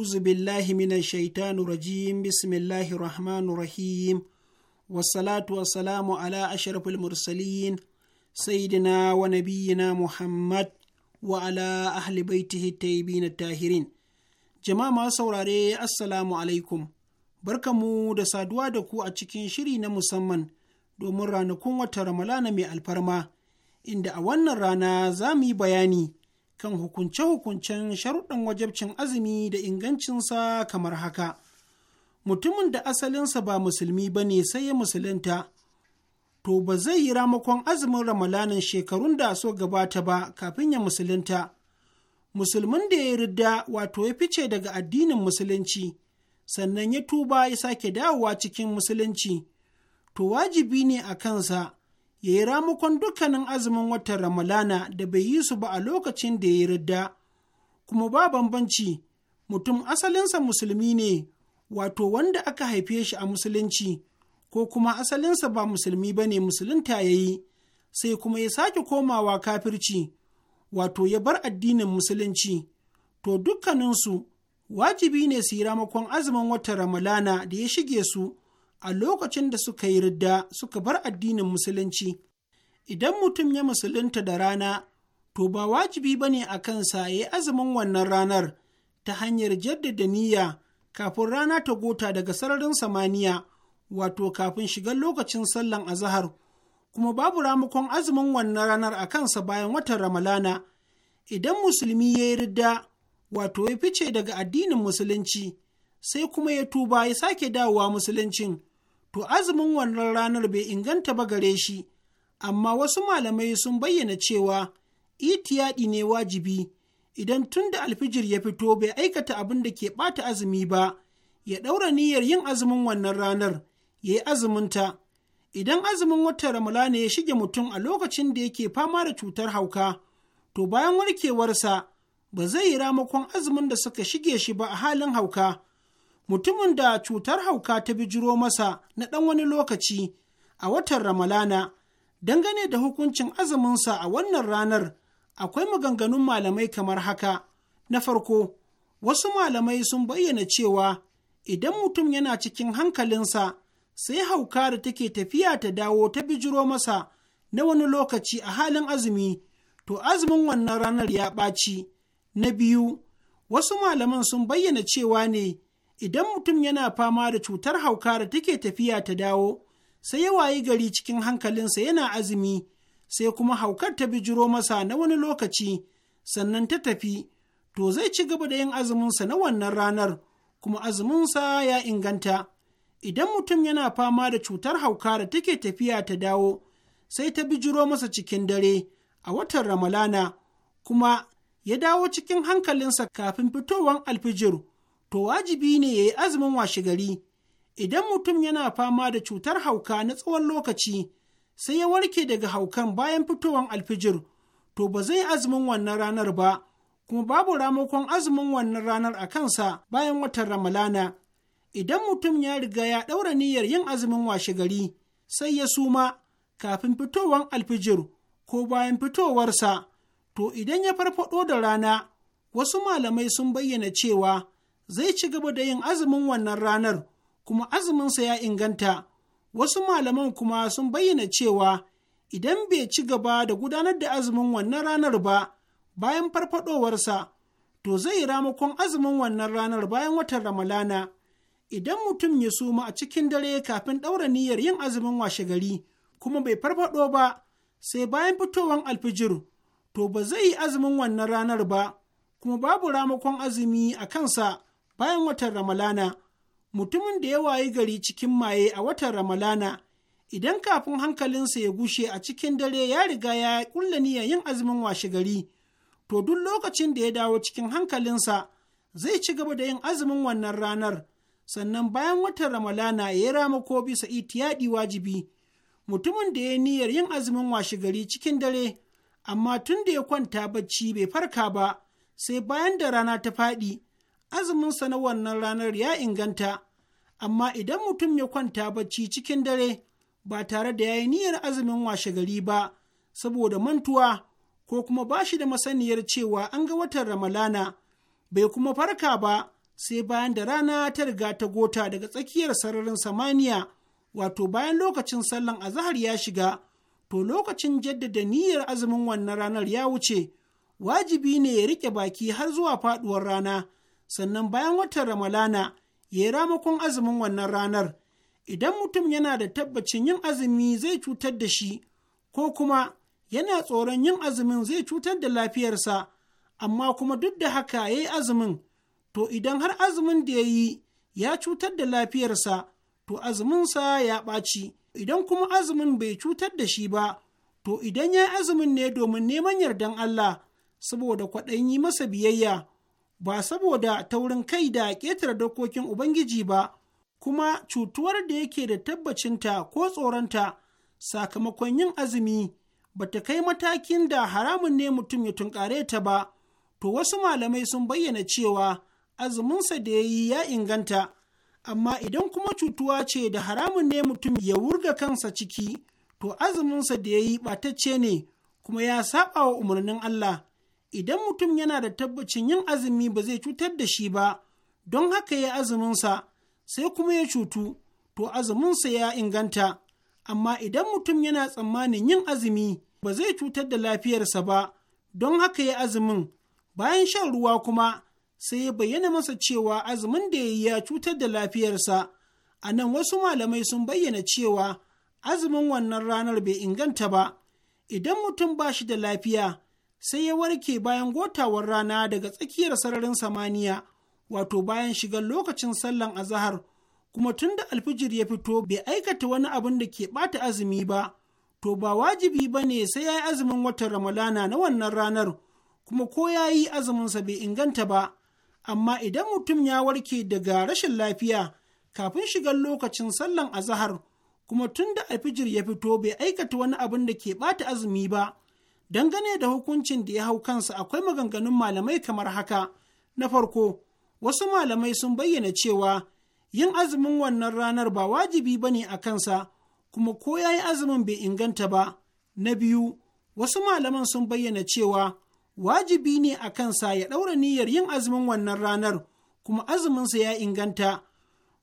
a'uzu billahi minash shaitani rajim bismillahir rahmanir rahim wassalatu wassalamu ala ashrafil mursalin Saidina wa nabiyyina muhammad wa ala ahli baitihi na tahirin jama'a ma saurare assalamu alaikum barka mu da saduwa da ku a cikin shiri na musamman domin ranakun watan Ramadana mai alfarma inda a wannan rana za mu yi bayani kan hukunce-hukuncen sharuɗan wajabcin azumi da ingancinsa kamar haka. Mutumin da asalinsa ba musulmi ba ne sai ya musulunta, to ba zai yi ramakon azumin ramalanin shekarun da so gabata ba kafin ya musulunta. Musulmin da ya ridda wato ya fice daga addinin musulunci, sannan ya tuba ya sake dawowa cikin musulunci, to wajibi ne a kansa. ya yi ramukon dukkanin azumin watan Ramalana da bai yi su ba a lokacin da ya yi ridda, kuma ba bambanci mutum asalinsa musulmi ne, wato wanda aka haife shi a musulunci, ko kuma asalinsa ba musulmi ba ne musulunta ya yi, sai kuma ya sake komawa kafirci, wato ya bar addinin musulunci. To dukkaninsu wajibi ne su yi ramakon azumin watan Ramalana da ya shige su. a lokacin da suka yi ridda suka bar addinin musulunci idan mutum ya musulunta da rana to ba wajibi ba ne a kansa ya yi azumin wannan ranar ta hanyar jaddada niyya kafin rana ta gota daga sararin samaniya wato kafin shigar lokacin sallan azahar kuma babu ramukon azumin wannan ranar a kansa bayan watan ramalana idan musulmi ya yi ridda wato ya fice daga addinin musulunci sai kuma ya tuba ya sake dawowa musuluncin to azumin wannan ranar bai inganta ba gare shi, amma wasu malamai sun bayyana cewa itiyaɗi ne wajibi idan tun da alfijir ya fito bai aikata abin da ke ɓata azumi ba, ya ɗaura niyyar yin azumin wannan ranar, ya yi azuminta. Idan azumin watan ramulana ya shige mutum a lokacin da yake fama da cutar hauka, to bayan warkewarsa ba zai yi ramakon azumin da suka shige shi ba a halin hauka. mutumin da cutar hauka ta bijiro masa na ɗan wani lokaci a watan Ramalana, dangane da hukuncin azuminsa a wannan ranar akwai maganganun malamai kamar haka. Na farko, wasu malamai sun bayyana cewa idan mutum yana cikin hankalinsa sai hauka da take tafiya ta dawo ta bijiro masa na wani lokaci a halin azumi, to azumin wannan ranar ya ɓaci. Na biyu, wasu malaman sun bayyana cewa ne idan mutum yana fama da cutar hauka da take tafiya ta dawo, sai ya wayi gari cikin hankalinsa yana azumi, sai kuma haukar ta bijiro masa na wani lokaci, sannan ta tafi, to zai ci gaba da yin azuminsa na wannan ranar, kuma azuminsa ya inganta. Idan mutum yana fama da cutar hauka da take tafiya ta dawo, sai ta bijiro masa cikin dare a watan Ramalana, kuma ya dawo cikin hankalinsa kafin fitowar alfijir. to wajibi ne ya yi azumin gari Idan mutum yana fama da cutar hauka na tsawon lokaci, sai ya warke daga haukan bayan fitowar alfijir, to ba zai azumin wannan ranar ba, kuma babu ramakon azumin wannan ranar a kansa bayan watan Ramalana. Idan mutum ya riga ya ɗaura niyyar yin azumin washe gari sai ya suma kafin fitowar alfijir ko bayan fitowarsa, to idan ya farfaɗo da rana, wasu malamai sun bayyana cewa zai ci gaba da yin azumin wannan ranar kuma azuminsa ya inganta wasu malaman kuma sun bayyana cewa idan bai ci gaba da gudanar da azumin wannan ranar ba bayan farfadowarsa to zai yi ramakon azumin wannan ranar bayan watan ramalana idan mutum ya suma a cikin dare kafin ɗaura niyyar yin azumin washegari, kuma bai farfado ba sai bayan fitowar alfijir to ba zai yi azumin wannan ranar ba kuma babu ramakon azumi a kansa bayan watan Ramalana, mutumin da ya wayi gari cikin maye a watan Ramalana, idan kafin hankalinsa ya gushe a cikin dare ya riga ya kulla niyyar yin azumin washe gari, to duk lokacin da ya dawo cikin hankalinsa zai ci gaba da yin azumin wannan ranar, sannan bayan watan Ramalana ya rama ko bisa itiyaɗi wajibi. Mutumin da ya niyyar yin azumin washe gari cikin dare, amma tun da ya kwanta bacci bai farka ba, sai bayan da rana ta faɗi. azuminsa na wannan ranar ya inganta, amma idan mutum ya kwanta bacci cikin dare ba tare da ya yi niyyar azumin washe gari ba, saboda mantuwa ko kuma ba shi da masaniyar cewa an ga watan Ramalana, bai kuma farka ba sai bayan da rana ta riga ta gota daga tsakiyar sararin samaniya, wato bayan lokacin sallan azahar ya shiga, to lokacin jaddada niyyar azumin wannan ranar ya wuce, wajibi ne ya riƙe baki har zuwa faɗuwar rana. sannan bayan watan Ramalana ya yi ramakon azumin wannan ranar. Idan mutum yana da tabbacin yin azumi zai cutar da shi, ko kuma yana tsoron yin azumin zai cutar da lafiyarsa, amma kuma duk da haka ya yi azumin, to idan har azumin da ya yi ya cutar da lafiyarsa, to azuminsa ya ɓaci. Idan kuma azumin bai cutar da shi ba, to idan ya yi azumin ne domin neman yardan Allah, saboda kwaɗayin yi masa biyayya. ba saboda taurin kai da ƙetare dokokin Ubangiji ba, kuma cutuwar da yake da tabbacinta ko tsoronta sakamakon yin azumi ba ta kai matakin da haramun ne mutum ya tunkare ta ba, to wasu malamai sun bayyana cewa azuminsa da ya yi ya inganta, amma idan kuma cutuwa ce da haramun ne mutum ya wurga kansa ciki, to azuminsa da ya yi ɓatacce ne kuma ya saɓa wa umarnin Allah. idan mutum yana da tabbacin yin azumi ba zai cutar da shi ba don haka ya azuminsa sai kuma ya cutu to azuminsa ya inganta amma idan mutum yana tsammanin yin azumi ba zai cutar da lafiyarsa ba don haka ya azumin bayan shan ruwa kuma sai ya bayyana masa cewa azumin da ya yi ya cutar da lafiyarsa a nan wasu malamai sun bayyana cewa azumin wannan ranar bai inganta ba idan mutum ba shi da lafiya sai ya warke bayan gotawar rana daga tsakiyar sararin samaniya wato bayan shigar lokacin sallan azahar kuma tun da alfijir ya fito bai aikata wani abin da ke ɓata azumi ba to ba wajibi ba ne sai ya yi azumin watan ramalana na wannan ranar kuma ko ya yi azuminsa bai inganta ba amma idan mutum ya warke daga rashin lafiya kafin shigar lokacin sallan azahar kuma tun da alfijir ya fito bai aikata wani abin da ke bata azumi ba Dangane da hukuncin da ya hau kansa akwai maganganun malamai kamar haka. Na farko, wasu malamai sun bayyana cewa yin azumin wannan ranar ba wajibi ba ne a kansa, kuma ko ya yi azumin bai inganta ba. Na biyu, wasu malaman sun bayyana cewa wajibi ne a kansa ya ɗaura niyyar yin azumin wannan ranar, kuma azuminsa ya inganta.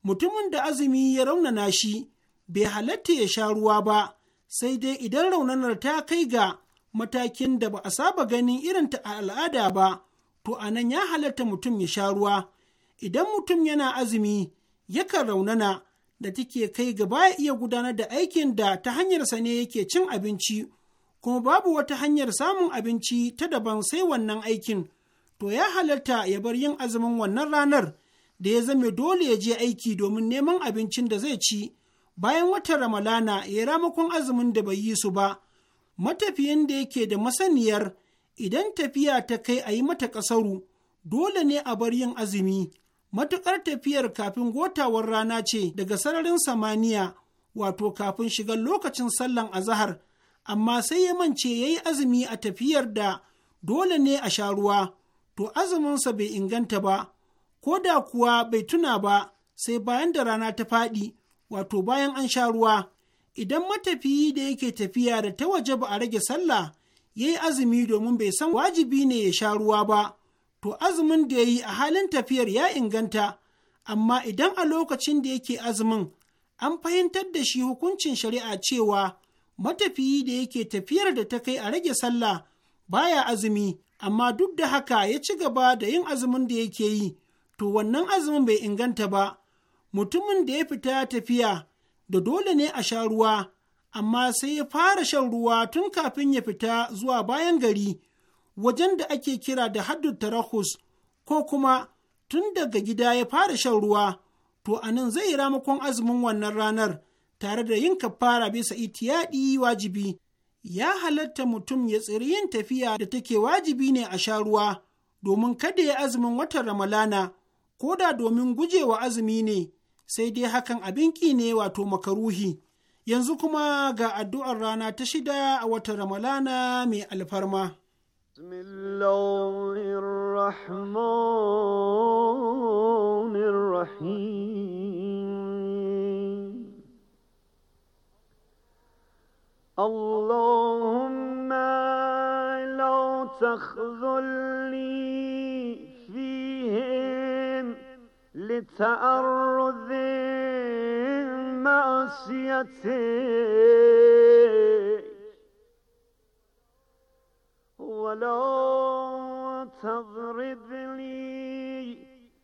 Mutumin da azumi ya raunana shi, bai halatta ya sha ruwa ba, sai dai idan raunanar ta kai ga matakin da ba a saba ganin irinta a al'ada ba, to a nan ya halatta mutum ya sha ruwa. Idan mutum yana azumi, yakan raunana da take kai ga ya iya gudanar da aikin da ta hanyarsa ne yake cin abinci, kuma babu wata hanyar samun abinci ta daban sai wannan aikin. To ya halatta ya bar yin azumin wannan ranar da ya zame dole ya je aiki domin neman abincin da zai ci. Bayan watan Ramalana ya ramakon azumin da bai yi su ba. Matafiyan da yake da masaniyar idan tafiya ta kai a yi mata ƙasaru dole ne a bar yin azumi matuƙar tafiyar kafin gotawar rana ce daga sararin samaniya wato kafin shigar lokacin sallan azahar amma sai ya mance ya yi azumi a tafiyar da dole ne a sha ruwa to azuminsa bai inganta ba ko da kuwa bai tuna ba sai bayan da rana ta faɗi wato bayan an sha ruwa idan matafiyi da yake tafiya da ta waje ba a rage sallah ya yi azumi domin bai san wajibi ne ya sha ruwa ba, to azumin da ya yi a halin tafiyar ya inganta, amma idan a lokacin da yake azumin an fahimtar da shi hukuncin shari'a cewa matafiyi da yake tafiyar da ta kai a rage sallah baya azumi, amma duk da haka ya ci gaba da yin azumin da yake yi, to wannan azumin bai inganta ba. Mutumin da ya fita tafiya da dole ne a sha ruwa, amma sai ya fara shan ruwa tun kafin ya fita zuwa bayan gari, wajen da ake kira da haddun tarahus ko kuma tun daga gida ya fara shan ruwa, to anan zai yi ramakon azumin wannan ranar tare da yin kafara bisa itiyaɗi wajibi. Ya halatta mutum ya tsiri yin tafiya da take wajibi ne a sha ruwa, domin kada ya azumin watan Ramalana, ko da domin gujewa azumi ne. sai dai hakan abin ne wato makaruhi yanzu kuma ga addu'ar rana ta shida a watan ramalana mai alfarma اللهم لا تخذلني فيهم لتأرذ معصيتي ولا لي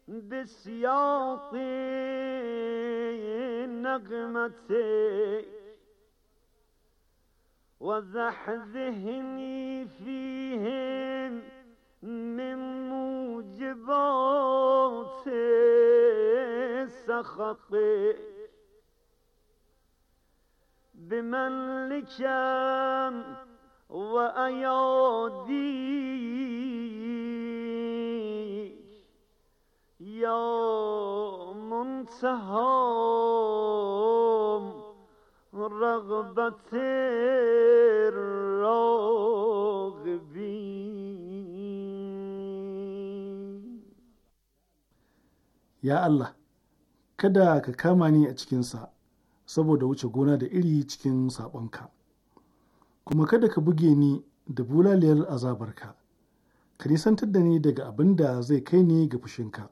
بسياط نغمتي وزحزهني فيهم من موجبات سخط به من لکم و ایادی یا منتهام رغبت را Ya Allah, kada ka kama ni a cikinsa saboda wuce gona da iri cikin saɓonka, kuma kada ka buge ni da bulaliyar azabarka, ka nisantar da ni daga abin da zai kai ni ga fushinka,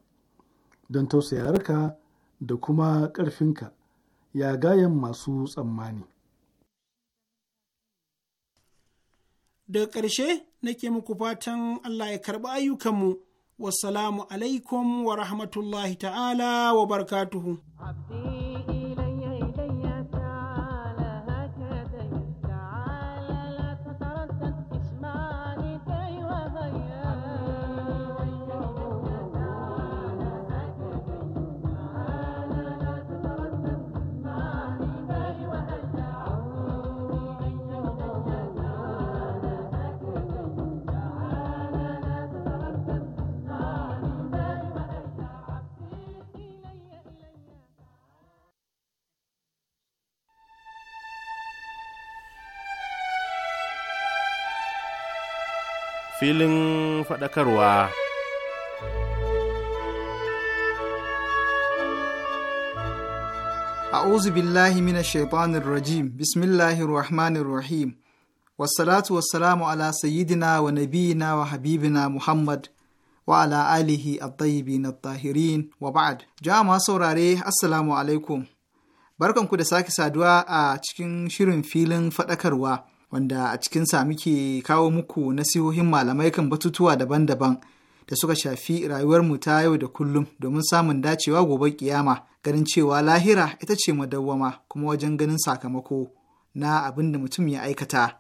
don tausayarka da kuma ƙarfinka, ya gayan masu tsammani. Daga ƙarshe nake muku fatan Allah ya karɓi ayyukanmu. wassalamu alaikum wa rahmatullahi ta'ala wa barkatuhu. filin faɗakarwa. A'udhu billahi mina shaitanir rajim, bismillahir rahmanir rahim, wassalatu wassalamu ala sayyidina wa nabiyina wa habibina Muhammad wa ala alihi at-tayyibin at-tahirin wa ba'ad. Jama'a saurare, Assalamu alaikum. Barkanku da sake saduwa a cikin shirin filin fadakarwa. wanda a cikin cikinsa muke kawo muku nasihohin malamai kan batutuwa daban-daban da suka shafi rayuwarmu ta yau da kullum domin samun dacewa gobe kiyama ganin cewa lahira ita ce madawwama kuma wajen ganin sakamako na abin da mutum ya aikata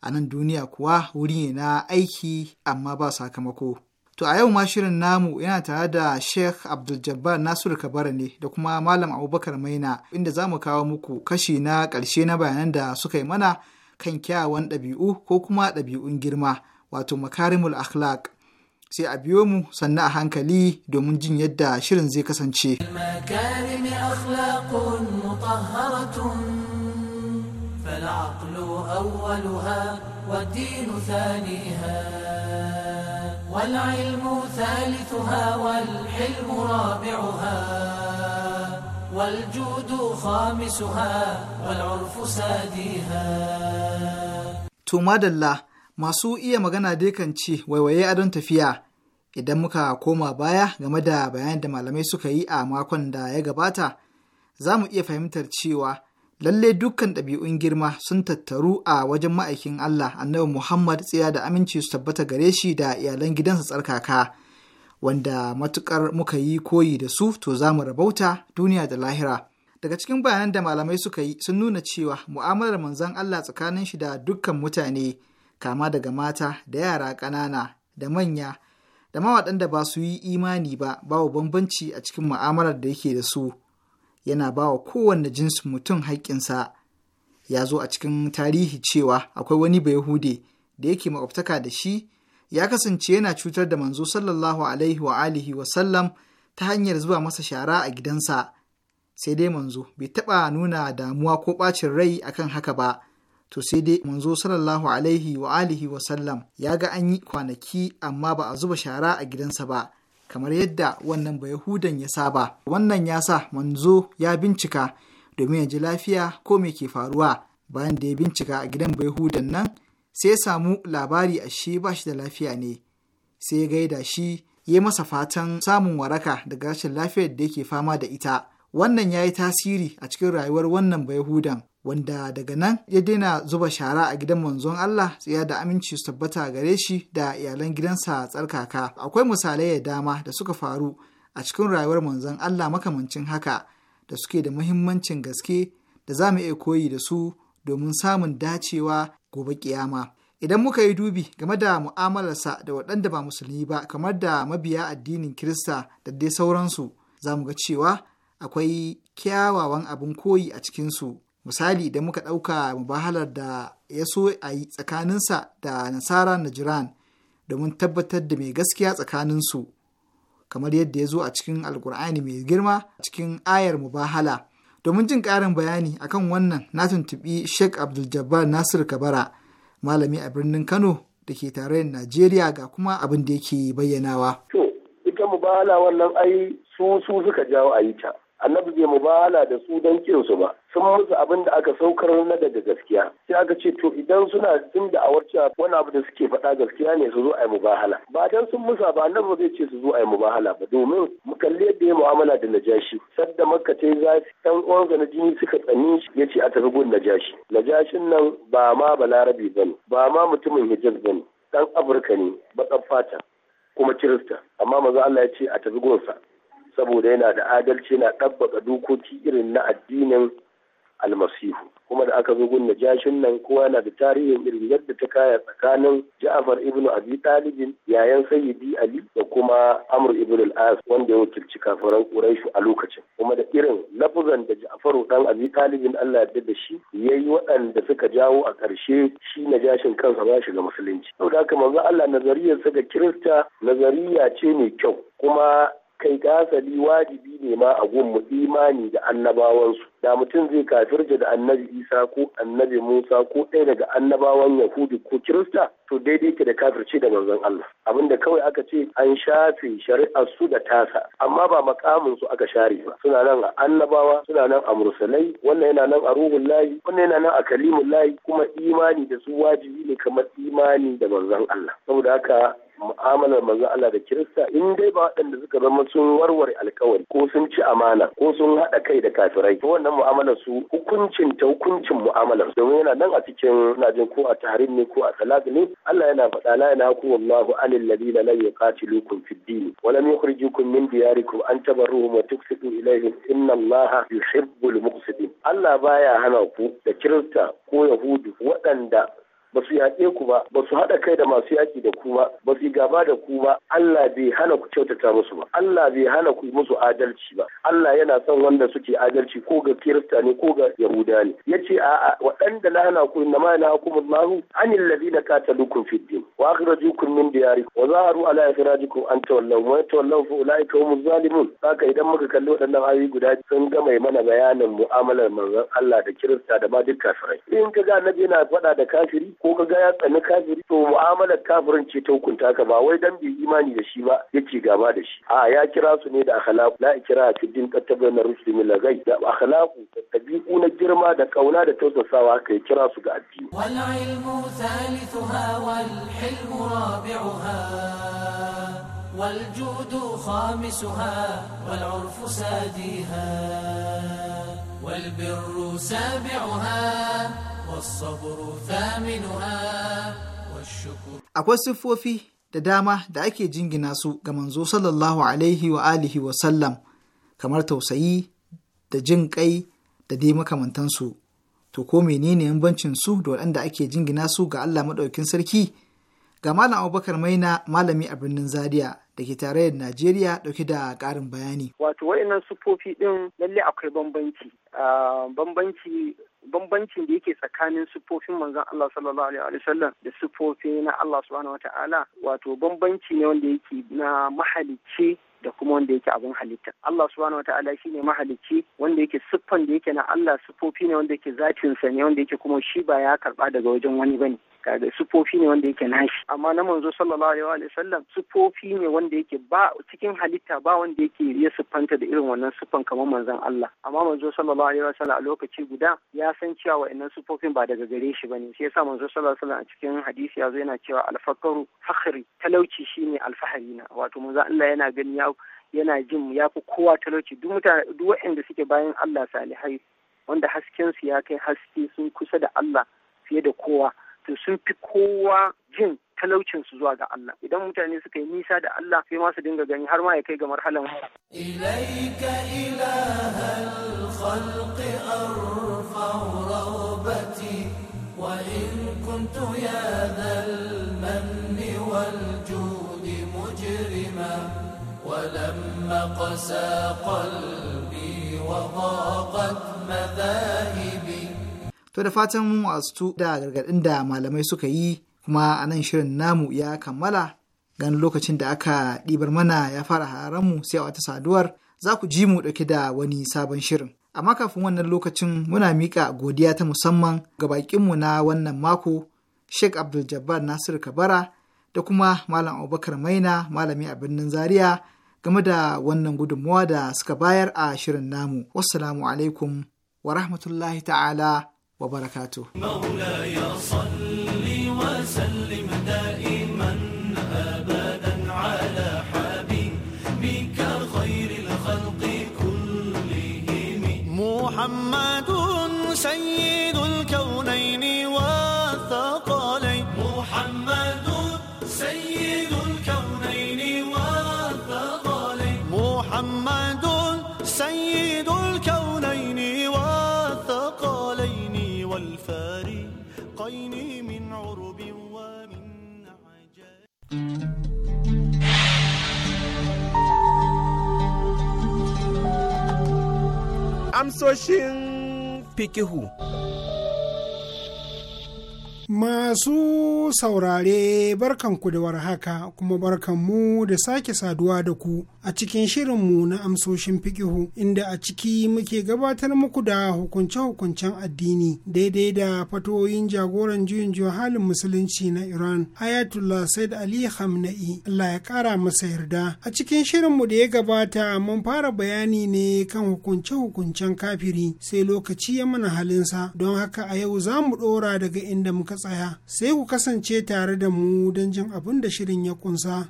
a nan duniya kuwa wuri ne na aiki amma ba sakamako to a yau ma shirin namu yana tare da sheikh abdul jabbar nasiru kabara ne da kuma malam abubakar maina inda za mu kawo muku kashi na ƙarshe na bayanan da suka yi mana kan kyawawan ɗabi'u ko kuma ɗabi'un girma wato makarimul akhlaq sai a biyo mu sannan a hankali domin jin yadda shirin zai kasance. والعلم ثالثها والحلم رابعها والجود خامسها والعرف ساديها to madalla masu iya magana dai kan ce waiwaye adon tafiya idan muka koma baya game da bayan da malamai suka yi a makon da ya gabata za mu iya fahimtar cewa lalle dukkan ɗabi'un girma sun tattaru a wajen ma'aikin Allah annabi Muhammad tsira da aminci su tabbata gare shi da iyalan gidansa tsarkaka wanda matukar muka yi koyi da su to za mu rabauta duniya da lahira. Daga cikin bayanan da malamai suka yi sun nuna cewa mu'amalar Manzan Allah tsakanin shi da dukkan mutane kama daga mata da yara ƙanana da manya da ma waɗanda ba su yi imani ba babu bambanci a cikin mu'amalar da yake da su yana ba wa kowanne jinsi mutum haƙƙinsa ya zo a cikin tarihi cewa akwai wani hude da yake makwabtaka da shi ya kasance yana cutar da manzo sallallahu alaihi wa alihi wa sallam ta hanyar zuwa masa shara a gidansa sai dai manzo bai taba nuna damuwa ko ɓacin rai akan haka ba to sai dai manzo sallallahu alaihi wa alihi wa sallam ya ga an yi kwanaki amma ba a zuba shara a gidansa ba kamar yadda wannan yahudan ya saba wannan ya sa manzo ya bincika domin ya ji lafiya ko me ke faruwa bayan da ya bincika a gidan yahudan nan sai ya samu labari a shi ba shi da lafiya ne sai ya gaida shi ya masa fatan samun waraka daga rashin lafiyar da yake fama da ita wannan ya yi tasiri a cikin rayuwar wannan bayahudan wanda daga nan ya daina zuba shara a gidan manzon Allah tsaya da aminci su tabbata gare shi da iyalan gidansa tsarkaka akwai misalai da dama da suka faru a cikin rayuwar manzon Allah makamancin haka da suke da muhimmancin gaske da za mu iya koyi da su domin samun dacewa gobe kiyama idan muka yi dubi game da mu'amalarsa da waɗanda ba musulmi ba kamar da mabiya addinin kirista da dai sauransu za mu ga cewa akwai kyawawan abin koyi a cikinsu misali idan muka ɗauka mubahalar da ya so a yi tsakaninsa da nasara na jiran domin tabbatar da mai gaskiya tsakaninsu kamar yadda ya zo a cikin alkur'ani mai girma cikin ayar mubahala Domin jin ƙarin bayani akan wannan na tuntuɓi Sheikh Abdul Jabbar Nasir Kabara, malami a birnin Kano da ke tarayyar Najeriya ga kuma abin da yake bayyanawa. To, ita mubala wannan ai su su suka jawo a yi ta. Annabi bai mubala da su don kinsu ba. sun musu abin da aka saukar na daga gaskiya sai aka ce to idan suna sun da cewa wani abu da suke faɗa gaskiya ne su zo a yi mubahala ba dan sun musa ba nan zai ce su zo a yi mubahala ba domin mu kalli yadda ya mu'amala da najashi sadda makka ta yi zafi ɗan uwansa na jini suka tsani shi ya ce a tafi gun najashi najashin nan ba ma balarabi ba ne ba ma mutumin hijaz ba ne ɗan afirka ne baƙar fata kuma kirista amma maza Allah ya ce a tafi gunsa saboda yana da adalci yana ɗabbaka dokoki irin na addinin almasihu kuma da aka zo gun najashin nan kowa yana da tarihin irin yadda ta kaya tsakanin ja'afar ibnu abi talibin yayan sayyidi ali da kuma amr ibn al-as wanda ya wakilci kafiran quraishu a lokacin kuma da irin lafuzan da ja'faru dan abi talibin Allah ya da shi yayi waɗanda suka jawo a ƙarshe shi najashin kansa ba shiga musulunci saboda haka manzo Allah nazariyar sa ga kirista nazariya ce mai kyau kuma kai gasali wajibi ne ma a gunmu imani da annabawansu da mutum zai kafirce da annabi isa ko annabi musa ko ɗaya daga annabawan yahudi ko kirista to daidai ke da kafirce da manzon allah abinda kawai aka ce an shafe shari'ar su da tasa amma ba makamin su aka share ba suna nan a annabawa suna nan a mursalai wannan yana nan a ruhun layi wannan yana nan a kalimun layi kuma imani da su wajibi ne kamar imani da manzon allah saboda haka mu'amalar manzon Allah da Kirista in dai ba waɗanda suka zama sun warware alkawari ko sun ci amana ko sun haɗa kai da kafirai to wannan mu'amalar su hukuncin ta hukuncin mu'amalar domin yana nan a cikin na jin ko a tarin ne ko a salat ne Allah yana faɗa la ina ku wallahu anil ladina la yuqatilukum fid din wa lam yukhrijukum min diyarikum an tabarruhum wa tuqsitu ilayhim inna Allah yuhibbul muqsitin Allah baya hana ku da Kirista ko Yahudu waɗanda ba su yaƙe ku ba ba su haɗa kai da masu yaƙi da ku ba ba su gaba da ku ba Allah bai hana ku kyautata musu ba Allah bai hana ku musu adalci ba Allah yana son wanda suke adalci ko ga Kirista ne ko ga Yahuda ne yace a waɗanda na hana ku inna ma na hukum Allahu anil ladina qatalukum fi din wa akhrajukum min diyarikum wa zaharu ala ikhrajikum an tawallaw wa tawallaw fa ulaika humuz zalimun haka idan muka kalli waɗannan ayoyi guda sun ga mai mana bayanin mu'amalar manzon Allah da Kirista da ma duk kafirai in ka ga annabi yana faɗa da kafiri ko kaga ya tsani kafiri to mu'amalar kafirin ce ta hukunta ka ba wai dan bai imani da shi ba yake gaba da shi a ya kira su ne da akhlaq la ikra fi din tattabai na la gai da akhlaq da tabi'u na girma da kauna da tausasawa kai kira su ga addini wal ilmu thalithuha wal hilm rabi'uha والجود خامسها والعرف ساديها والبر سابعها Akwai siffofi da dama da ake jingina su ga manzo sallallahu alaihi wa alihi wa sallam kamar tausayi da jin kai da dai makamantansu. To ko menene yambancin su da waɗanda ake jingina su ga Allah maɗaukin sarki Ga Malam Abubakar Maina malami a birnin Zaria da ke da Najeriya dauke da karin bayani. Wato wa'annan sufofi ɗin lalle akwai bambanci. Ah, bambanci bambancin da yake tsakanin siffofin manzon Allah sallallahu alaihi wa da siffofi na Allah subhanahu wa ta'ala wato bambanci ne wanda yake na mahalicci da kuma wanda yake abin halitta. Allah subhanahu wataala ne mahalicci wanda yake siffan da yake na Allah siffofi ne wanda yake zatinsa ne wanda yake kuma shi ba ya karba daga wajen wani bane. kaga sufofi ne wanda yake nashi amma na manzo sallallahu alaihi wa sallam sufofi ne wanda yake ba cikin halitta ba wanda yake ya siffanta da irin wannan siffan kamar manzon Allah amma manzo sallallahu alaihi wa sallam a lokaci guda ya san cewa wa'annan sufofin ba daga gare shi bane shi yasa manzo sallallahu alaihi wa sallam a cikin hadisi ya yana cewa alfakaru fakhri talauci shine al-fahri na wato manzo Allah yana gani ya yana jin ya fi kowa talauci duk mutane duk waɗanda suke bayan Allah salihai wanda hasken su ya kai haske sun kusa da Allah fiye da kowa to sun fi kowa jin talaucin su zuwa ga Allah idan mutane suka yi nisa da Allah sai ma su dinga gani har ma ya kai ga marhalan ilaika ilahal khalqi arfa rawbati wa in kuntu ya dhal manni wal judi mujrima ولما قسى قلبي وضاقت مذاهبي To da fatan a su da gargaɗin da malamai suka yi kuma a nan shirin namu ya kammala ganin lokacin da aka ɗibar mana ya fara mu sai a wata saduwar za ku ji mu ɗauki da wani sabon shirin. Amma kafin wannan lokacin muna miƙa godiya ta musamman ga baƙinmu na wannan mako Sheikh Abdul Jabbar Nasiru Kabara da kuma Malam Abubakar Maina malami a birnin Zaria game da wannan gudunmuwa da suka bayar a shirin namu. Wassalamu alaikum wa rahmatullahi ta'ala وبركاته مولاي صل وسلم دائما أبدا على حبيبك خير الخلق كلهم محمد سيد amsoshin fikihu. Masu saurare barkan ku da warhaka kuma barkan mu da sake saduwa da ku a cikin shirinmu na amsoshin fikihu inda a ciki muke gabatar muku da hukunce-hukuncen addini daidai da fatoyin jagoran juyin halin musulunci na Iran Ayatullah Said Ali Hamna'i Allah ya kara masa yarda. A cikin shirinmu da ya gabata mun fara bayani ne kan hukunce-hukuncen kafiri sai lokaci ya mana halinsa don haka a yau za mu ɗora daga inda muka tsaya sai ku kasance tare da mu don jin abin da shirin ya kunsa.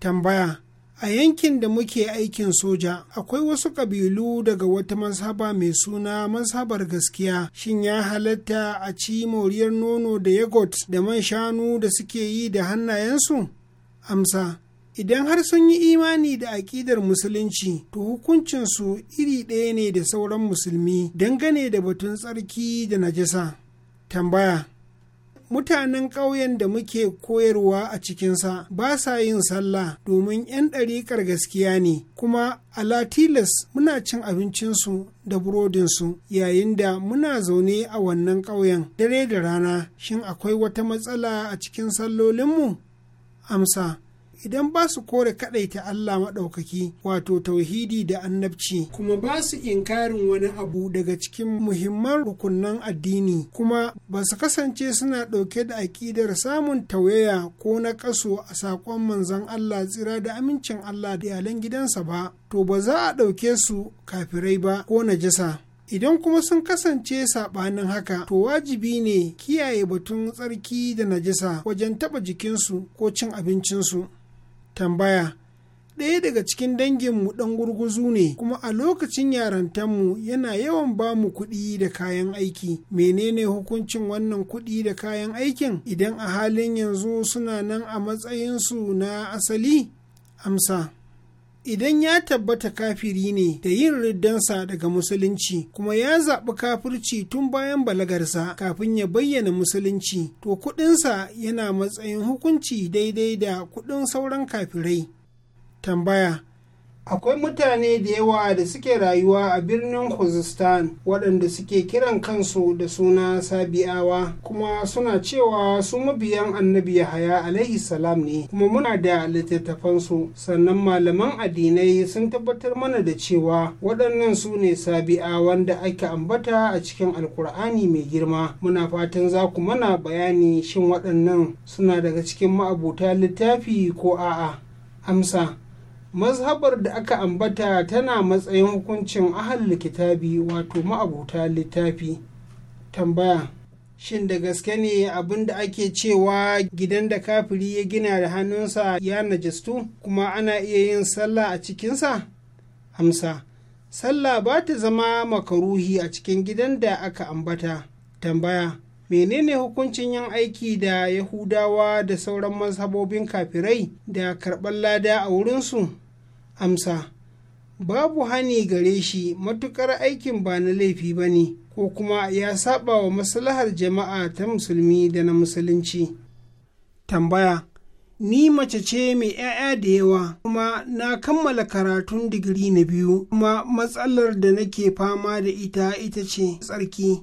Tambaya A yankin da muke aikin soja, akwai wasu ƙabilu daga wata mazhaba mai suna mazhabar gaskiya, shin ya halatta a ci moriyar nono da yagot da man shanu da suke yi da hannayensu? Amsa. idan har sun yi imani da aƙidar musulunci to hukuncinsu iri ɗaya ne da sauran musulmi dangane da batun tsarki da najasa tambaya mutanen ƙauyen da muke koyarwa a cikinsa ba sa yin sallah domin 'yan ɗariƙar gaskiya ne kuma ala tilas muna cin abincinsu da burodinsu yayin da muna zaune a wannan ƙauyen dare da rana shin akwai wata matsala a cikin sallolinmu amsa idan ba su kore kaɗaita Allah maɗaukaki wato tauhidi da annabci kuma ba su inkarin wani abu daga cikin muhimman rukunan addini kuma ba su kasance suna ɗauke da aƙidar samun tauyaya ko na kaso a saƙon manzon Allah tsira da amincin Allah da yalan gidansa ba to ba za a ɗauke su kafirai ba ko najasa. idan kuma sun kasance saɓanin haka to wajibi ne kiyaye batun tsarki da najisa wajen taɓa jikinsu ko cin abincinsu. tambaya ɗaya daga cikin danginmu ɗan gurguzu ne kuma a lokacin yarantanmu yana yawan ba mu kuɗi da kayan aiki menene hukuncin wannan kuɗi da kayan aikin idan a halin yanzu suna nan a matsayinsu na asali amsa idan ya tabbata kafiri ne da yin riddansa daga musulunci kuma ya zaɓi kafirci tun bayan balagarsa kafin ya bayyana musulunci to kuɗinsa yana matsayin hukunci daidai da kuɗin sauran kafirai tambaya akwai mutane da yawa da suke rayuwa a birnin khuzistan waɗanda suke kiran kansu da suna sabi'awa kuma suna cewa su mabiyan annabi yahaya alaihi salam ne kuma muna da littattafansu sannan malaman addinai sun tabbatar mana da cewa waɗannan su ne sabi'awan da ake ambata a cikin alkur'ani mai girma muna fatan za ku mana bayani shin waɗannan suna daga cikin ma'abuta littafi ko a'a amsa mazhabar da aka ambata tana matsayin hukuncin ahal likitabi wato ma'abuta littafi tambaya shin da gaske ne abin da ake cewa gidan da kafiri ya gina da hannunsa ya najistu kuma ana iya yin sallah a cikinsa amsa sallah ba ta zama makaruhi a cikin gidan da aka ambata tambaya menene hukuncin yin aiki da yahudawa da sauran mazhabobin kafirai da karɓar lada a wurinsu amsa babu hani gare shi matuƙar aikin ba na laifi ba ne ko kuma ya saba wa maslahar jama'a ta musulmi da na musulunci tambaya ni mace ce mai 'ya'ya da yawa kuma na kammala karatun digiri na biyu kuma matsalar da nake fama da ita ita ce tsarki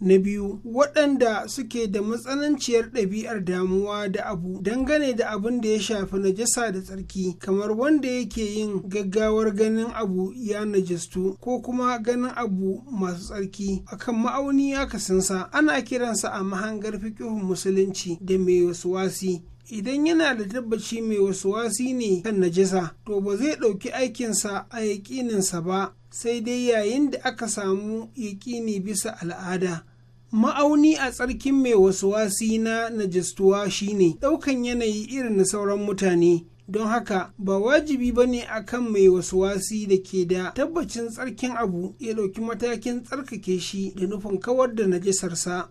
Na biyu, waɗanda suke da matsananciyar ɗabi'ar damuwa da abu dangane da abin da ya shafi najasa da tsarki, kamar wanda yake yin gaggawar ganin abu ya najastu ko kuma ganin abu masu tsarki akan ma'auni kasansa, ana kiransa a mahangar fikihun musulunci da mai wasu wasi. idan yana da tabbaci mai wasu wasi ne kan najasa to ba zai ɗauki aikinsa a yaƙininsa ba sai dai yayin da aka samu yaƙini bisa al'ada ma'auni a tsarkin mai wasu wasi na najistuwa shine ɗaukan yanayi irin na sauran mutane don haka ba wajibi ba ne a kan mai wasi da ke da tabbacin tsarkin abu ya ɗauki matakin tsarkake shi da nufin kawar da najisarsa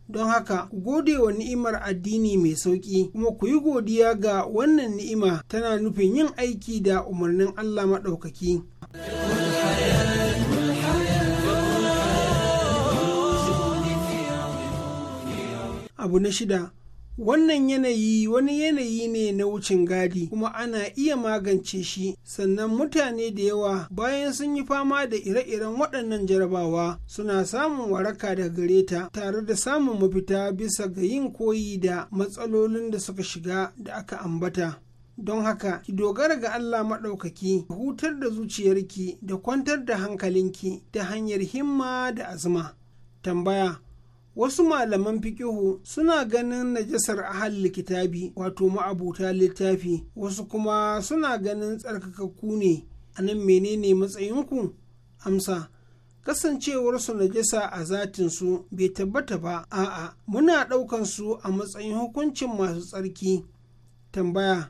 don haka ku gode wa ni'imar addini mai sauƙi kuma ku yi godiya ga wannan ni'ima tana nufin yin aiki da umarnin Allah maɗaukaki. abu na shida Wannan yanayi wani yanayi ne na wucin gadi kuma ana iya magance shi sannan mutane da yawa bayan sun yi fama da ire-iren waɗannan jarabawa suna samun waraka da gare ta tare da samun mafita bisa ga yin koyi da matsalolin da suka shiga da aka ambata. don haka ki dogara ga Allah maɗaukaki hutar da zuciyarki da kwantar da hankalinki ta hanyar himma da azuma. Tambaya wasu malaman fikihu suna ganin najasar ahal likitabi, wato ma'abuta littafi wasu kuma suna ganin tsarkakakku ne a nan menene matsayinku amsa kasancewarsu najasa a zatinsu bai tabbata ba a'a muna ɗaukansu a matsayin hukuncin masu tsarki tambaya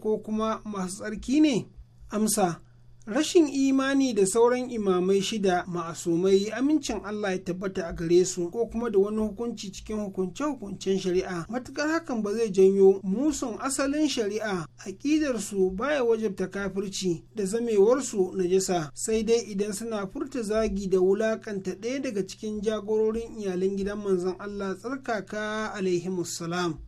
ko kuma masu tsarki ne amsa rashin imani da sauran imamai shida ma'asumai amincin Allah ya tabbata a gare su ko kuma da wani hukunci cikin hukunce-hukuncen shari'a matukar hakan ba zai janyo musun asalin shari'a aƙidar su baya wajabta kafirci da zamewarsu na jisa sai dai idan suna furta zagi da wulakanta ɗaya daga cikin jagororin iyalan gidan manzon Allah tsarkaka alaihimussalam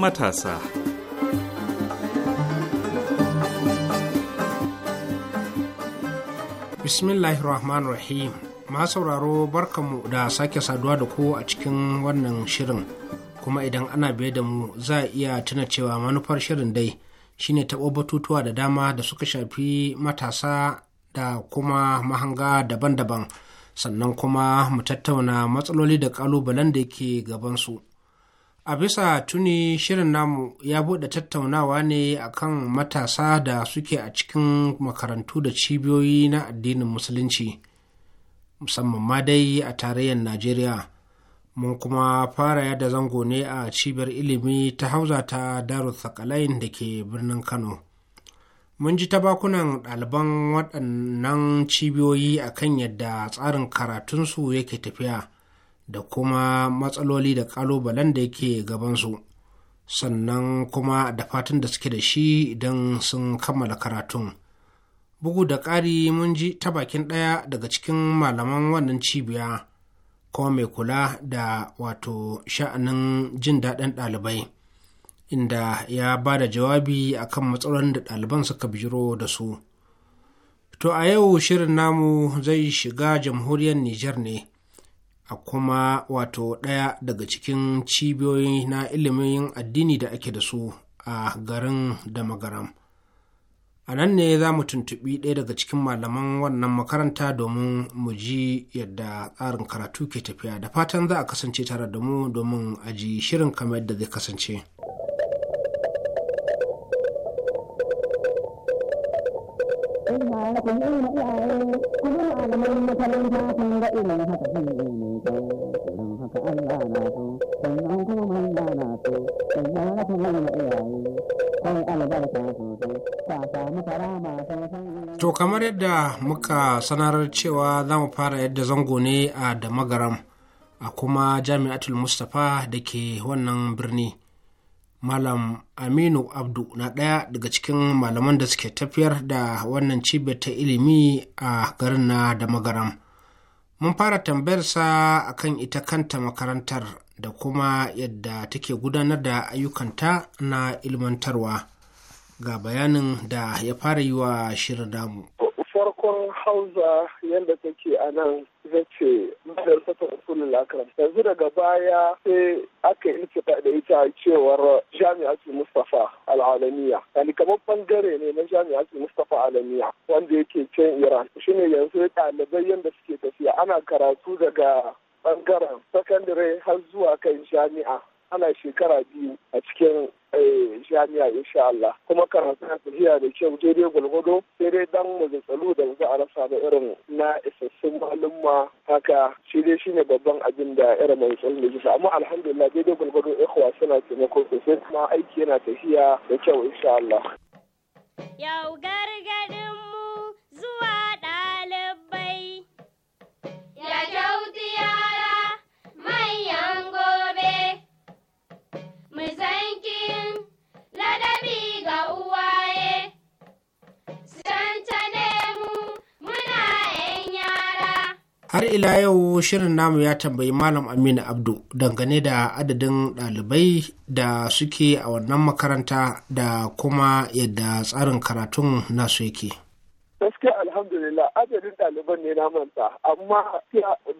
matasa. Bismillahir Rahmanir Rahim. Ma sauraro barkanmu da sake saduwa da ku a cikin wannan shirin. Kuma idan ana biye da mu za a iya tuna cewa manufar shirin dai shine taɓo batutuwa da dama da suka shafi matasa da kuma mahanga daban-daban sannan kuma mu tattauna matsaloli da ƙalubalen da ke gabansu. a bisa tuni shirin namu ya buɗe tattaunawa ne akan matasa da suke a cikin makarantu da cibiyoyi na addinin musulunci musamman ma dai a tarayyar najeriya mun kuma fara yada zango ne a cibiyar ilimi ta hauza ta daru thakalain da ke birnin kano mun ji ta ɗaliban waɗannan cibiyoyi akan yadda tsarin karatunsu yake tafiya da kuma matsaloli da kalubalen da yake gabansu sannan kuma da fatan da suke da shi idan sun kammala karatun bugu da ƙari mun ji ta bakin ɗaya daga cikin malaman wannan cibiya kuma mai kula da wato sha'anin jin daɗin ɗalibai inda ya ba da jawabi kan matsalolin da ɗaliban suka bijiro da su to a yau shirin namu zai shiga jamhuriyar nijar ne a kuma wato ɗaya daga cikin cibiyoyi na ilimin addini da ake da su a garin da magaram a nan ne za mu tuntuɓi ɗaya daga cikin malaman wannan makaranta domin mu ji yadda tsarin karatu ke tafiya da fatan za a kasance tare da mu domin a ji shirin kamar yadda zai kasance. to kamar yadda muka sanar cewa za mu fara yadda zango ne a damagaram a kuma jami'atul mustapha da ke wannan birni Malam Aminu Abdu na ɗaya daga cikin malaman da suke tafiyar da wannan cibiyar ta ilimi a garin na da magaram. Mun fara tambayarsa a kan ita kanta makarantar da kuma yadda take gudanar da ayyukanta na ilmantarwa. Ga bayanin da ya fara yi wa shirin damu. farkon hausa yadda take a nan zai ce madar sata usulul lakar yanzu daga baya sai aka yi da ita cewar jami'atul mustafa al'alamiya yani kamar bangare ne na jami'atul mustafa alamiya wanda yake can iran shi ne yanzu ɗalibai yadda suke tafiya ana karatu daga bangaren sakandare har zuwa kan jami'a ana shekara biyu a cikin eh, jami'a insha Allah kuma karatu na tafiya da kyau daidai gwalgwado sai dai dan mu da za a rasa da irin na isassun malumma haka shi dai shine babban abin da irin mazatsalu da jisa amma alhamdulillah daidai gwalgwado ikhwa suna taimako sosai kuma aiki yana tafiya da kyau insha Allah. Yau mu zuwa ɗalibai. Ya kyauti ya har ila yau shirin namu ya tambayi malam aminu abdu dangane da adadin ɗalibai da suke a wannan makaranta da kuma yadda tsarin karatun nasu yake gaskiya alhamdulillah adadin ɗaliban ne na manta amma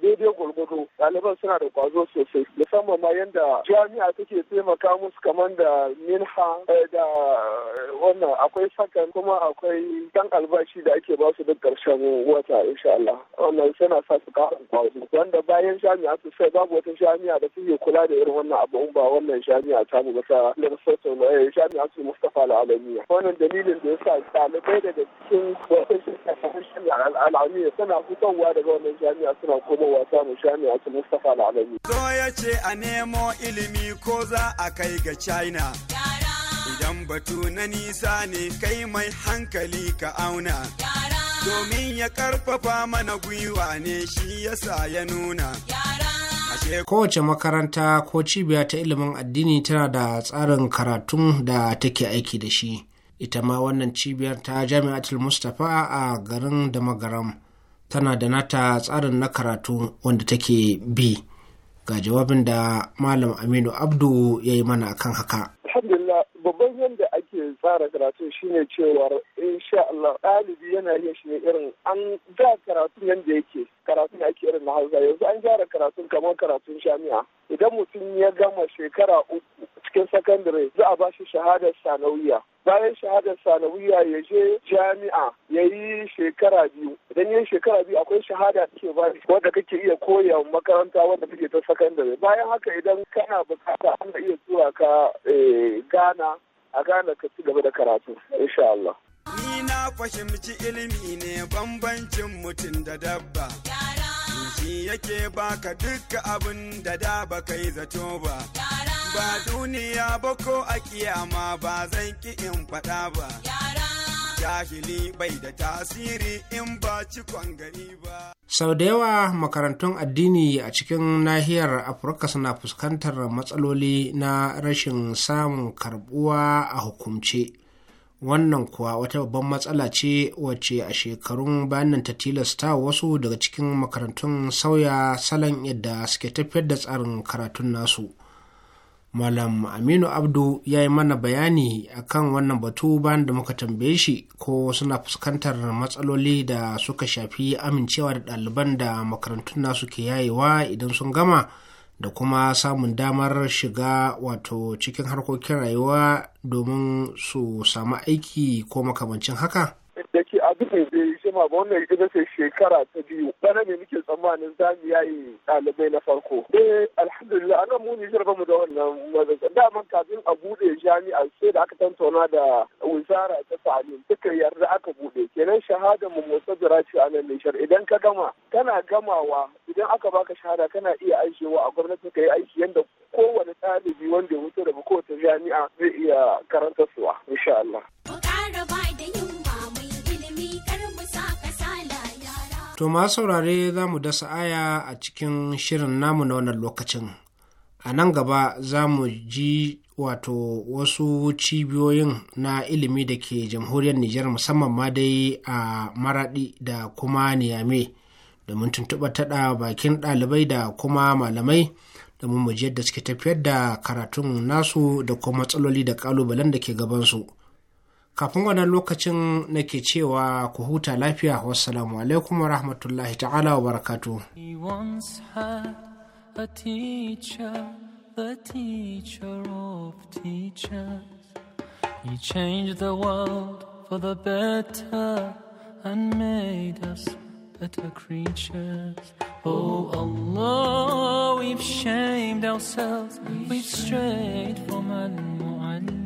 daidai gwargwado ɗaliban suna da kwazo sosai musamman ma yadda jami'a take taimaka musu kamar da minha eh, da eh, wannan akwai sakan kuma akwai dan albashi da ake ba su duk ƙarshen wata insha Allah wannan suna sa su kawo. kwazo wanda bayan jami'a su sai babu wata jami'a da take kula da irin wannan abu ba wannan jami'a ta mu ta Lesotho eh, jami'a su Mustapha al wannan dalilin da yasa ɗalibai daga cikin akwai sun shahararren al'alamiya suna fitowa daga wannan jami'a suna komowa samun jami'a su Mustapha al'alami. Zo ya ce a nemo ilimi ko za a kai ga China. Idan batu na nisa ne kai mai hankali ka auna. Domin ya karfafa mana gwiwa ne shi yasa ya nuna. Kowace makaranta ko cibiya ta ilimin addini tana da tsarin karatun da take aiki da shi. ita ma wannan cibiyar ta jami'atul mustapha a garin damagaram tana da nata tsarin na karatu wanda take bi ga jawabin da malam aminu abdu ya yi mana akan haka babban yadda ake tsara karatu shine cewar insha Allah ɗalibi yana yin shi irin an da karatun yadda yake karatu ake irin na hausa yanzu an gyara karatun kamar karatun jami'a idan mutum ya gama shekara uku cikin sakandare za a ba shi shahadar sanawiya bayan shahadar sanawiya ya je jami'a ya yi shekara biyu idan yin shekara biyu akwai shahada ke ba wadda kake iya koya makaranta wadda kake ta sakandare bayan haka idan kana bukata ana iya zuwa ka eh, gana a gana ka ci gaba da karatu insha Allah ni na fahimci ilimi ne bambancin mutum da dabba shi yake baka dukka abin da da baka yi zato ba ba duniya ba ko a kiyama ba zan ki in faɗa ba jahili bai da tasiri in ba cikon gani ba sau da yawa makarantun addini a cikin nahiyar afirka suna fuskantar matsaloli na rashin samun karbuwa a hukumce wannan kuwa wata babban matsala ce wacce a shekarun bayanan ta tilasta wasu daga cikin makarantun sauya salon yadda suke tafiyar da tsarin karatun nasu Malam Aminu Abdu ya yi mana bayani akan wannan batu bayan da muka tambaye shi ko suna fuskantar matsaloli da suka shafi amincewa da ɗaliban da makarantun nasu ke yayewa idan sun gama da kuma samun damar shiga wato cikin harkokin rayuwa domin su samu aiki ko makamancin haka. da ke abin da zai shi ma wannan ita ce shekara ta biyu bana ne muke tsammanin za mu yayi ɗalibai na farko eh alhamdulillah ana mu Nijar mu da wannan da man kafin a buɗe jami'a sai da aka tantauna da wizara ta ta'alim duka yarda aka buɗe kenan shahada mu musajjara ce a nan Nijar idan ka gama kana gamawa idan aka baka shahada kana iya ajiyewa a gwamnati ka yi aiki yadda kowane ɗalibi wanda ya wuce daga kowace jami'a zai iya karanta suwa insha Allah. To masu saurare za mu dasa aya a cikin shirin namu na wannan lokacin. A nan gaba za mu ji wato wasu cibiyoyin na ilimi da ke jamhuriyar Nijar musamman ma dai a Maraɗi da kuma Niyame domin tuntuɓa taɗa bakin ɗalibai da kuma malamai domin mu yadda suke tafiyar da karatun nasu da kuma matsaloli da ƙalubalen da ke gabansu. kafin wannan lokacin nake cewa ku huta lafiya wassalamu alaikum wa rahmatullahi ta'ala wa barakatu A teacher, the teacher of teachers. He changed the world for the better and made us better creatures. Oh Allah, we've shamed ourselves, we've strayed from Al Mu'allim.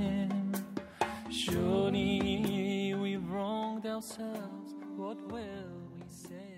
Surely we have wronged ourselves. What will we say?